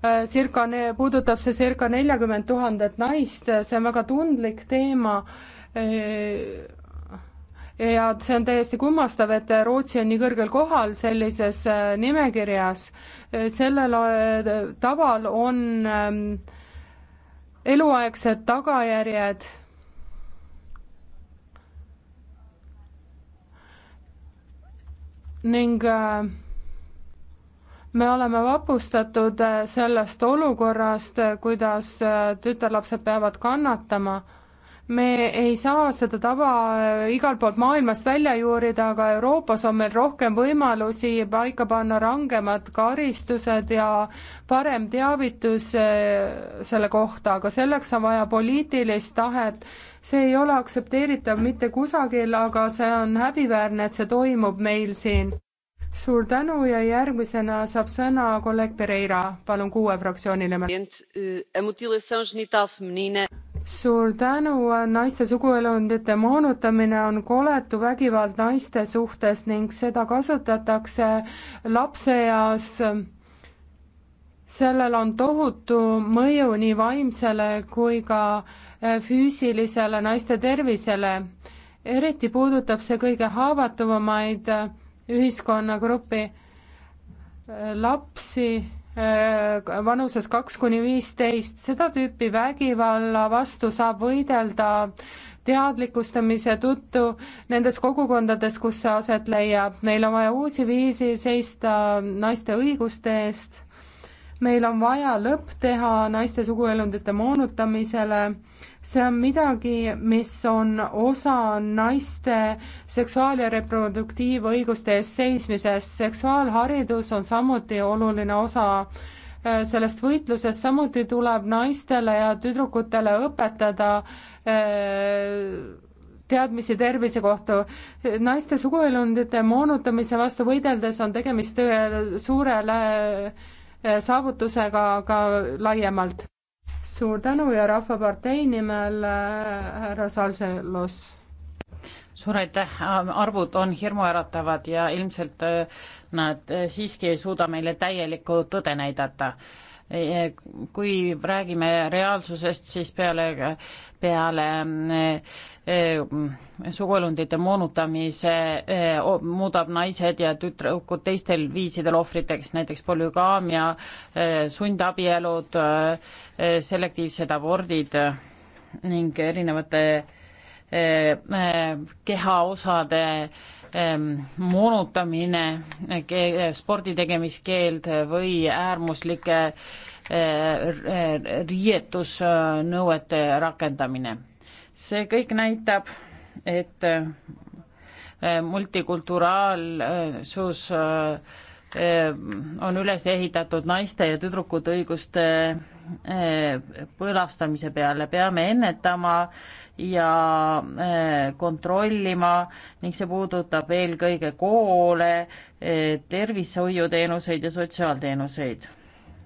Äh, circa, puudutab see circa neljakümmet tuhandet naist, see on väga tundlik teema äh, ja see on täiesti kummastav, et Rootsi on nii kõrgel kohal sellises äh, nimekirjas. sellel taval on ähm, eluaegsed tagajärjed. ning äh, me oleme vapustatud äh, sellest olukorrast, äh, kuidas äh, tütarlapsed peavad kannatama. me ei saa seda tava igalt poolt maailmast välja juurida, aga Euroopas on meil rohkem võimalusi paika panna rangemad karistused ja parem teavitus selle kohta, aga selleks on vaja poliitilist tahet see ei ole aktsepteeritav mitte kusagil, aga see on häbiväärne, et see toimub meil siin suur tänu ja järgmisena saab sõna kolleeg Pereira, palun kuue fraktsiooni nimel. suur tänu, naiste suguelundite moonutamine on koletu vägivald naiste suhtes ning seda kasutatakse lapseeas sellel on tohutu mõju nii vaimsele kui ka eh, füüsilisele naiste tervisele. eriti puudutab see kõige haavatavamaid ühiskonnagrupi äh, lapsi äh, vanuses kaks kuni viisteist, seda tüüpi vägivalla vastu saab võidelda teadlikustamise tõttu nendes kogukondades, kus see aset leiab. meil on vaja uusi viisi seista naiste õiguste eest, meil on vaja lõpp teha naiste suguelundite moonutamisele see on midagi, mis on osa naiste seksuaal- ja reproduktiivõiguste eest seismisest. seksuaalharidus on samuti oluline osa äh, sellest võitlusest, samuti tuleb naistele ja tüdrukutele õpetada äh, teadmisi tervise kohta. naiste suguelundite moonutamise vastu võideldes on tegemist äh, suurele saavutusega ka laiemalt suur tänu ja Rahvapartei nimel äh, härra Salselos. suur aitäh, äh, arvud on hirmuäratavad ja ilmselt äh, nad siiski ei suuda meile täielikku tõde näidata kui räägime reaalsusest, siis peale, peale eh, eh, suguelundite moonutamise eh, muudab naised ja tüdrukud teistel viisidel ohvriteks, näiteks polügaamia, sundabielud, selektiivsed abordid ning erinevate kehaosade Ehm, moonutamine, spordi tegemiskeeld või äärmuslike eh, riietusnõuete rakendamine. see kõik näitab, et eh, multikulturaalsus eh, on üles ehitatud naiste ja tüdrukute õiguste põlastamise peale, peame ennetama äh, ja äh, kontrollima ning see puudutab eelkõige koole, äh, tervishoiuteenuseid ja sotsiaalteenuseid.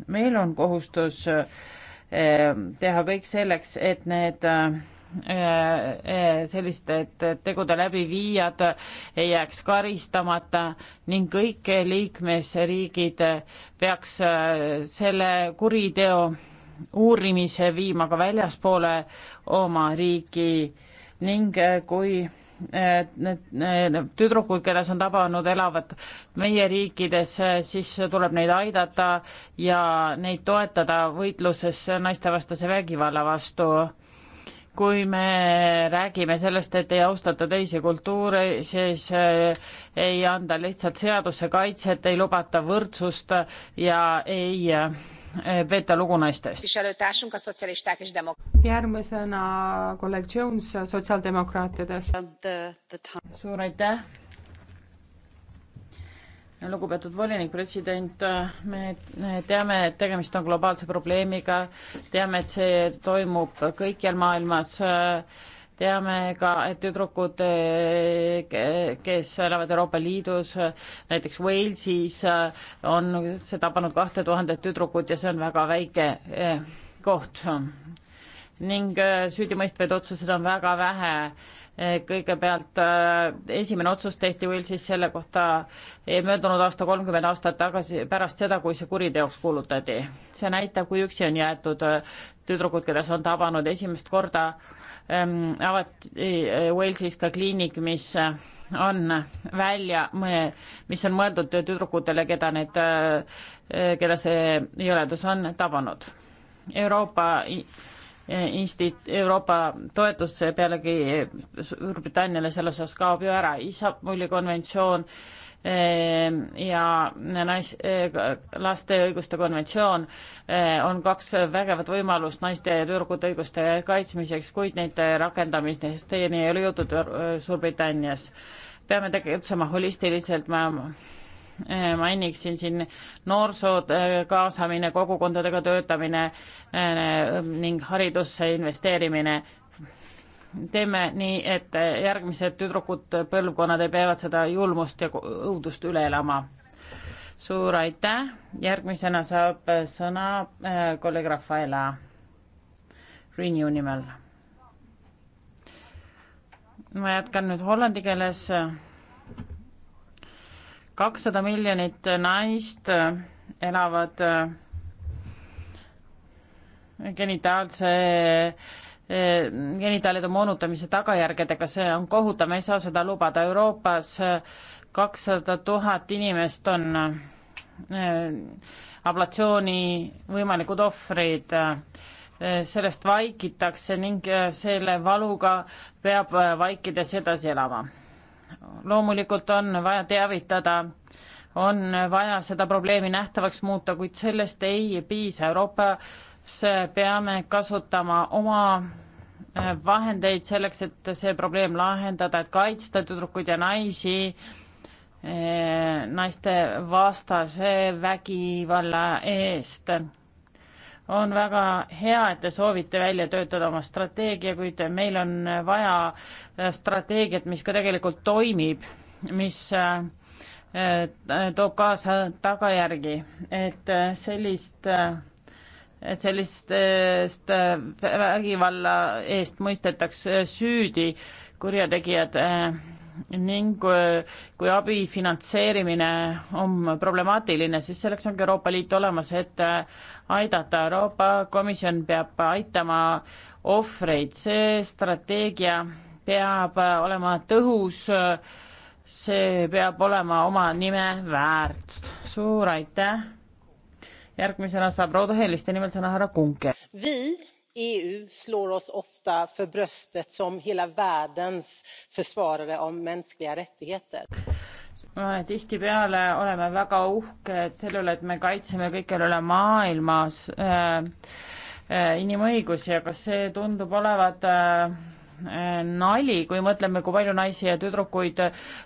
meil on kohustus äh, teha kõik selleks, et need selliste tegude läbiviijad ei jääks karistamata ning kõik liikmesriigid peaks selle kuriteo uurimise viima ka väljaspoole oma riiki ning äh, kui äh, äh, need tüdrukud, kelles on tabanud, elavad meie riikides, siis tuleb neid aidata ja neid toetada võitluses naistevastase vägivalla vastu. kui me räägime sellest, et ei austata teisi kultuure, siis ei anda lihtsalt seaduse kaitset, ei lubata võrdsust ja ei Eh, peeta lugu naistest. järgmisena kolleeg Jones sotsiaaldemokraatidest. suur aitäh. lugupeetud volinik, president, me teame, et tegemist on globaalse probleemiga, teame, et see toimub kõikjal maailmas äh, teame ka, et tüdrukud, kes elavad Euroopa Liidus, näiteks Walesis, on seda pannud kahte tuhandet tüdrukut ja see on väga väike eh, koht. ning eh, süüdimõistvaid otsuseid on väga vähe. Eh, kõigepealt esimene otsus tehti Walesis selle kohta möödunud aasta kolmkümmend aastat tagasi, pärast seda, kui see kuriteoks kuulutati. see näitab, kui üksi on jäetud tüdrukud, keda see on tabanud esimest korda Ähm, avati äh, Walesis ka kliinik, mis äh, on välja, mis on mõeldud tüdrukutele, keda need, äh, keda see jõledus on tabanud. Euroopa instit-, Euroopa toetus pealegi Suurbritanniale selle osas kaob ju ära, Istanbuli konventsioon äh, Ehm, ja nais-, eh, laste õiguste konventsioon eh, on kaks vägevat võimalust naiste ja tüdrukute õiguste kaitsmiseks, kuid nende rakendamisest teieni ei ole jõutud eh, Suurbritannias. peame tegutsema holistiliselt, ma mainiksin siin noorsoo kaasamine, kogukondadega töötamine ning haridusse investeerimine teeme nii, et järgmised tüdrukud, põlvkonnad ei peavad seda julmust ja õudust üle elama. suur aitäh, järgmisena saab sõna äh, kolleeg Rafaela Renew nimel. ma jätkan nüüd hollandi keeles. kakssada miljonit naist äh, elavad äh, genitaalse äh, Eh, genitaalide moonutamise tagajärgedega, see on kohutav, me ei saa seda lubada. Euroopas eh, kakssada tuhat inimest on eh, ablatsiooni võimalikud ohvrid sellest vaikitakse ning selle valuga peab vaikides edasi elama. loomulikult on vaja teavitada, on vaja seda probleemi nähtavaks muuta, kuid sellest ei piisa. Euroopa Äh, peame kasutama oma äh, vahendeid selleks, et see probleem lahendada, et kaitsta tüdrukuid ja naisi äh, naiste vastase vägivalla eest. on väga hea, et te soovite välja töötada oma strateegia, kuid meil on vaja strateegiat, mis ka tegelikult toimib, mis toob kaasa tagajärgi, et sellist äh, et sellistest äh, vägivalla eest mõistetakse äh, süüdi kurjategijad äh, ning kui, kui abi finantseerimine on problemaatiline, siis selleks ongi Euroopa Liit olemas, et aidata. Euroopa Komisjon peab aitama ohvreid, see strateegia peab olema tõhus, see peab olema oma nime väärt. suur aitäh järgmisena saab Roheliste nimel sõna härra Kunke. EU slår oss ofta för bröstet som hela världens försvarare av mänskliga rättigheter tihtipeale oleme väga uhked selle üle, et me kaitseme kõikjal üle maailmas äh, äh, inimõigusi, aga see tundub olevat äh, nali, kui mõtleme, kui palju naisi ja tüdrukuid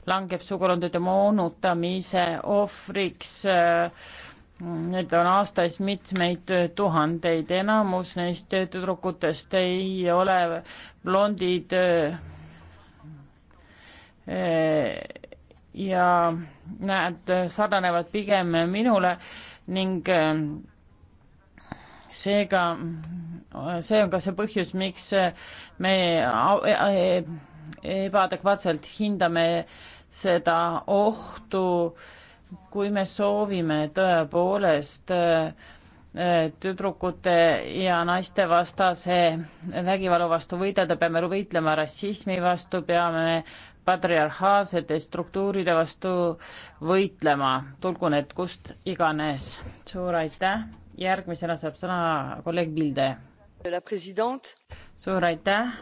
langeb sugulandude moonutamise ohvriks äh, Neid on aastas mitmeid tuhandeid, enamus neist tüdrukutest ei ole blondid eh, ja nad sarnanevad pigem minule ning eh, seega see on ka see põhjus, miks me e-, e-, ebaadekvaatselt hindame seda ohtu, kui me soovime tõepoolest äh, tüdrukute ja naiste vastase vägivalla vastu võidelda, peame võitlema rassismi vastu, peame patriarhaalsete struktuuride vastu võitlema, tulgu need kust iganes. suur aitäh, järgmisena saab sõna kolleeg Vilde. suur aitäh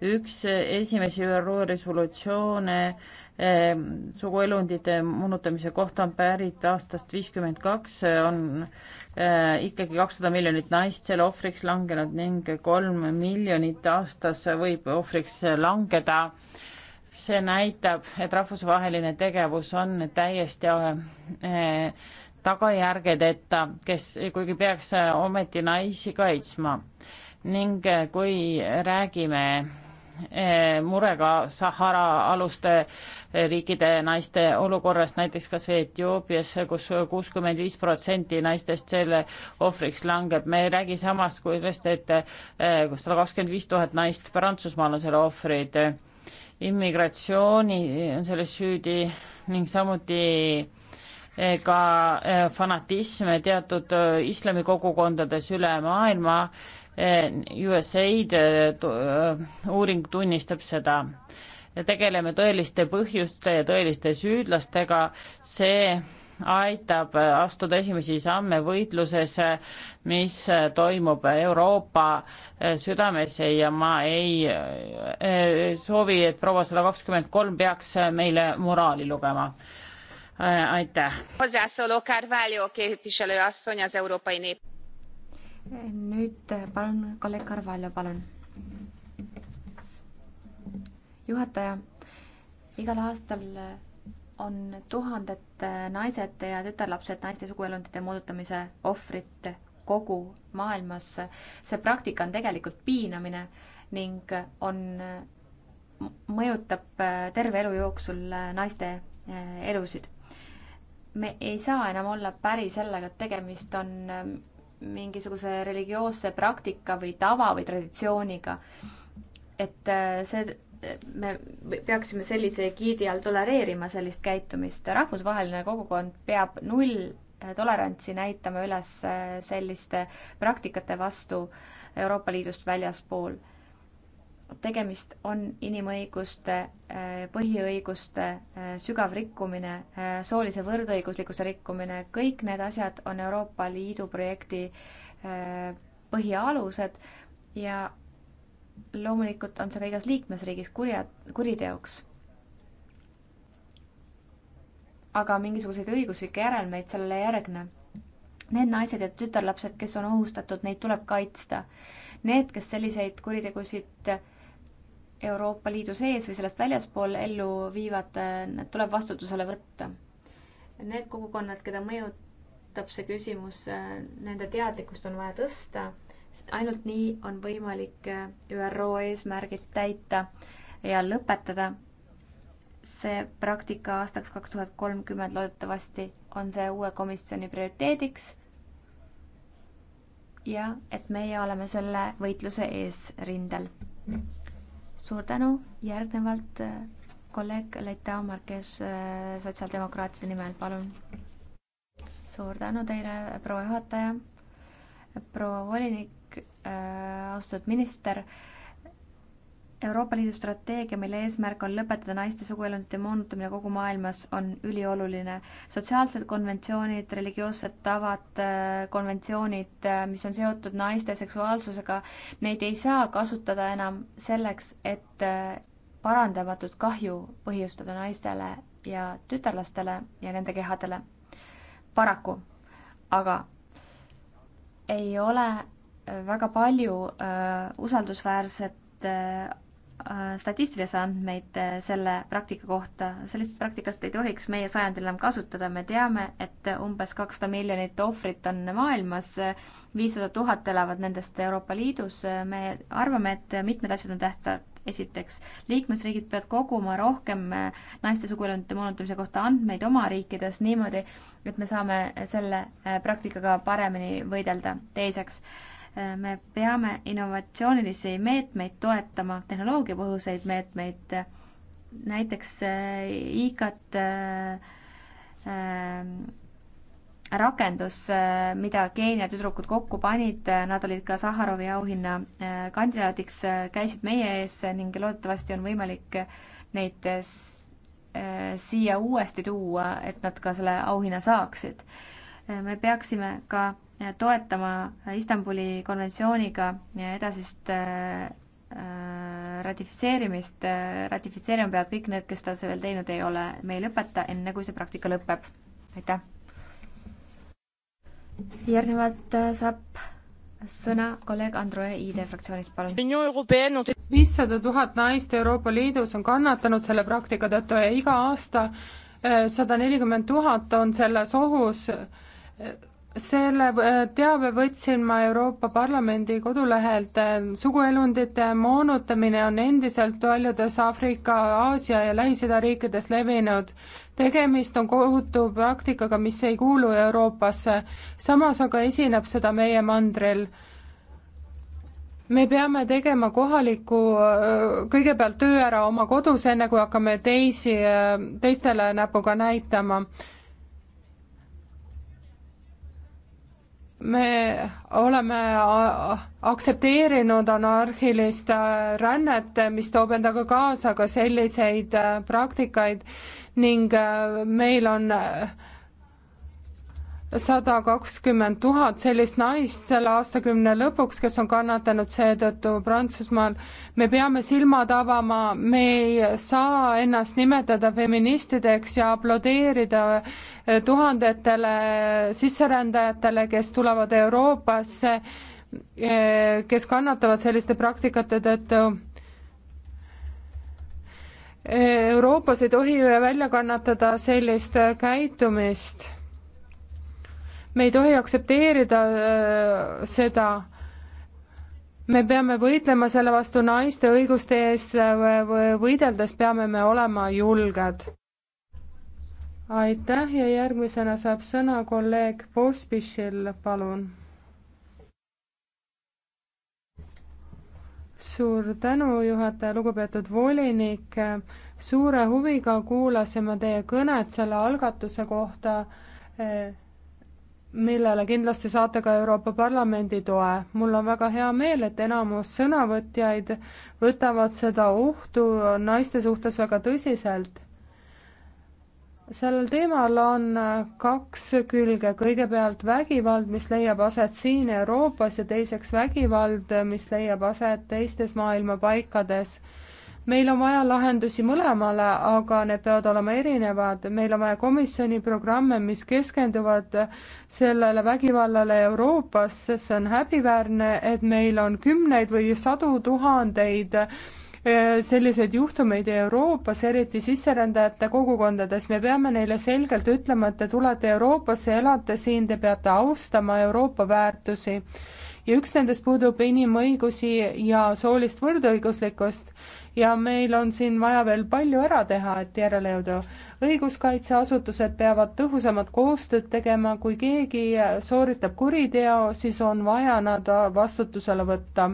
üks esimesi ÜRO resolutsioone Ehm, suguelundite moonutamise kohta on pärit aastast viiskümmend kaks, on eh, ikkagi kakssada miljonit naist selle ohvriks langenud ning kolm miljonit aastas võib ohvriks langeda. see näitab, et rahvusvaheline tegevus on täiesti eh, tagajärgedeta, kes, kuigi peaks ometi naisi kaitsma. ning eh, kui räägime Eh, murega Sahara aluste eh, riikide naiste olukorrast, näiteks kas või Etioopias kus, kus kuuskümmend viis protsenti naistest selle ohvriks langeb. me ei räägi samast kui sellest, et eh, sada kakskümmend viis tuhat naist Prantsusmaal on selle ohvrid. immigratsiooni on selles süüdi ning samuti ka eh, fanatism teatud eh, islamikogukondades üle maailma. Eh, USAID uuring tunnistab seda ja tegeleme tõeliste põhjuste ja tõeliste süüdlastega, see aitab astuda esimesi samme võitluses, mis toimub Euroopa südames ja ma ei soovi, et proua sada kakskümmend kolm peaks meile moraali lugema. Äh, aitäh. nüüd äh, palun, kolleeg Carvalho, palun. juhataja, igal aastal äh, on tuhanded naised ja tütarlapsed naiste suguelundite moodutamise ohvrid kogu maailmas. see praktika on tegelikult piinamine ning on, mõjutab terve elu jooksul naiste elusid me ei saa enam olla päri sellega, et tegemist on ähm, mingisuguse religioosse praktika või tava või traditsiooniga. et äh, see, me peaksime sellise giidi all tolereerima sellist käitumist. rahvusvaheline kogukond peab null äh, tolerantsi näitama üles äh, selliste praktikate vastu Euroopa Liidust väljaspool tegemist on inimõiguste, eh, põhiõiguste eh, sügav rikkumine, eh, soolise võrdõiguslikkuse rikkumine, kõik need asjad on Euroopa Liidu projekti põhialused ja loomulikult on see ka igas liikmesriigis kurja, kuriteoks. aga mingisuguseid õiguslikke järelmeid sellele ei järgne. Need naised ja tütarlapsed, kes on ohustatud, neid tuleb kaitsta. Need, kes selliseid kuritegusid äh, Euroopa Liidu sees või sellest väljaspool ellu viivad, need tuleb vastutusele võtta. Need kogukonnad, keda mõjutab see küsimus, nende teadlikkust on vaja tõsta, sest ainult nii on võimalik ÜRO eesmärgid täita ja lõpetada see praktika aastaks kaks tuhat kolmkümmend loodetavasti on see uue komisjoni prioriteediks. ja et meie oleme selle võitluse eesrindel mm suur tänu, järgnevalt äh, kolleeg Leita Markes äh, sotsiaaldemokraatide nimel, palun. suur tänu teile, proua juhataja, proua volinik, äh, austatud minister Euroopa Liidu strateegia, mille eesmärk on lõpetada naiste suguelundite moonutamine kogu maailmas, on ülioluline. sotsiaalsed konventsioonid, religioossed tavad, äh, konventsioonid, äh, mis on seotud naiste seksuaalsusega, neid ei saa kasutada enam selleks, et äh, parandamatut kahju põhjustada naistele ja tütarlastele ja nende kehadele. paraku, aga ei ole väga palju äh, usaldusväärset äh, statistilisi andmeid äh, selle praktika kohta, sellist praktikat ei tohiks meie sajandil enam kasutada, me teame, et umbes kakssada miljonit ohvrit on maailmas, viissada tuhat elavad nendest Euroopa Liidus, me arvame, et mitmed asjad on tähtsad, esiteks, liikmesriigid peavad koguma rohkem äh, naiste suguelundite moonutamise kohta andmeid oma riikides niimoodi, et me saame selle äh, praktikaga paremini võidelda. teiseks, me peame innovatsioonilisi meetmeid toetama, tehnoloogiapõhuseid meetmeid, näiteks äh, IKT äh, äh, rakendus, mida Keenia tüdrukud kokku panid, nad olid ka Saharovi auhinna kandidaadiks, käisid meie ees ning loodetavasti on võimalik neid siia uuesti tuua, et nad ka selle auhinna saaksid. me peaksime ka Eh, toetama Istanbuli konventsiooniga edasist eh, eh, ratifitseerimist, ratifitseerima peavad kõik need, kes seda veel teinud ei ole. me ei lõpeta enne, kui see praktika lõpeb. aitäh! järgnevalt saab sõna kolleeg Androe ID fraktsioonist, palun. viissada tuhat naist Euroopa Liidus on kannatanud selle praktika tõttu ja iga aasta sada nelikümmend tuhat on selles ohus selle äh, teabe võtsin ma Euroopa Parlamendi kodulehelt. Äh, suguelundite moonutamine on endiselt paljudes Aafrika, Aasia ja Lähis-Ida riikides levinud. tegemist on kohutu praktikaga, mis ei kuulu Euroopasse, samas aga esineb seda meie mandril me peame tegema kohaliku, äh, kõigepealt töö ära oma kodus, enne kui hakkame teisi, teistele näpuga näitama me oleme aktsepteerinud anarhilist äh, rännet, mis toob endaga kaasa ka selliseid äh, praktikaid ning äh, meil on äh, sada kakskümmend tuhat sellist naist selle aastakümne lõpuks, kes on kannatanud seetõttu Prantsusmaal. me peame silmad avama, me ei saa ennast nimetada feministideks ja aplodeerida eh, tuhandetele sisserändajatele, kes tulevad Euroopasse, eh, kes kannatavad selliste praktikate tõttu eh, Euroopas ei tohi välja kannatada sellist käitumist me ei tohi aktsepteerida äh, seda, me peame võitlema selle vastu naiste õiguste eest, äh, võideldes peame me olema julged. aitäh ja järgmisena saab sõna kolleeg Pospišil, palun. suur tänu, juhataja, lugupeetud volinik. suure huviga kuulasime teie kõnet selle algatuse kohta millele kindlasti saate ka Euroopa Parlamendi toe. mul on väga hea meel, et enamus sõnavõtjaid võtavad seda ohtu naiste suhtes väga tõsiselt. sellel teemal on kaks külge, kõigepealt vägivald, mis leiab aset siin Euroopas ja teiseks vägivald, mis leiab aset teistes maailma paikades meil on vaja lahendusi mõlemale, aga need peavad olema erinevad, meil on vaja komisjoni programme, mis keskenduvad sellele vägivallale Euroopas, sest see on häbiväärne, et meil on kümneid või sadu tuhandeid eh, selliseid juhtumeid Euroopas, eriti sisserändajate kogukondades, me peame neile selgelt ütlema, et te tulete Euroopasse, elate siin, te peate austama Euroopa väärtusi ja üks nendest puudub inimõigusi ja soolist võrdõiguslikkust ja meil on siin vaja veel palju ära teha, et järele jõuda. õiguskaitseasutused peavad tõhusamat koostööd tegema, kui keegi sooritab kuriteo, siis on vaja nad vastutusele võtta.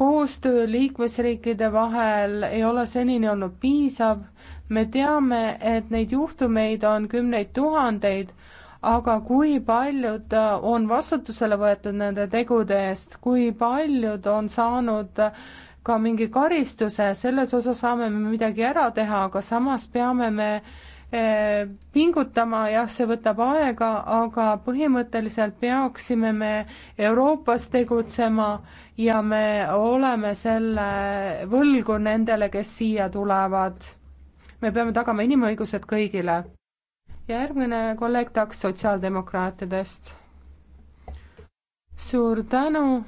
koostöö liikmesriikide vahel ei ole senini olnud piisav, me teame, et neid juhtumeid on kümneid tuhandeid, aga kui paljud on vastutusele võetud nende tegude eest, kui paljud on saanud äh, ka mingi karistuse, selles osas saame me midagi ära teha, aga samas peame me eh, pingutama, jah, see võtab aega, aga põhimõtteliselt peaksime me Euroopas tegutsema ja me oleme selle võlgu nendele, kes siia tulevad. me peame tagama inimõigused kõigile. ja järgmine kolleeg Taks sotsiaaldemokraatidest. suur tänu,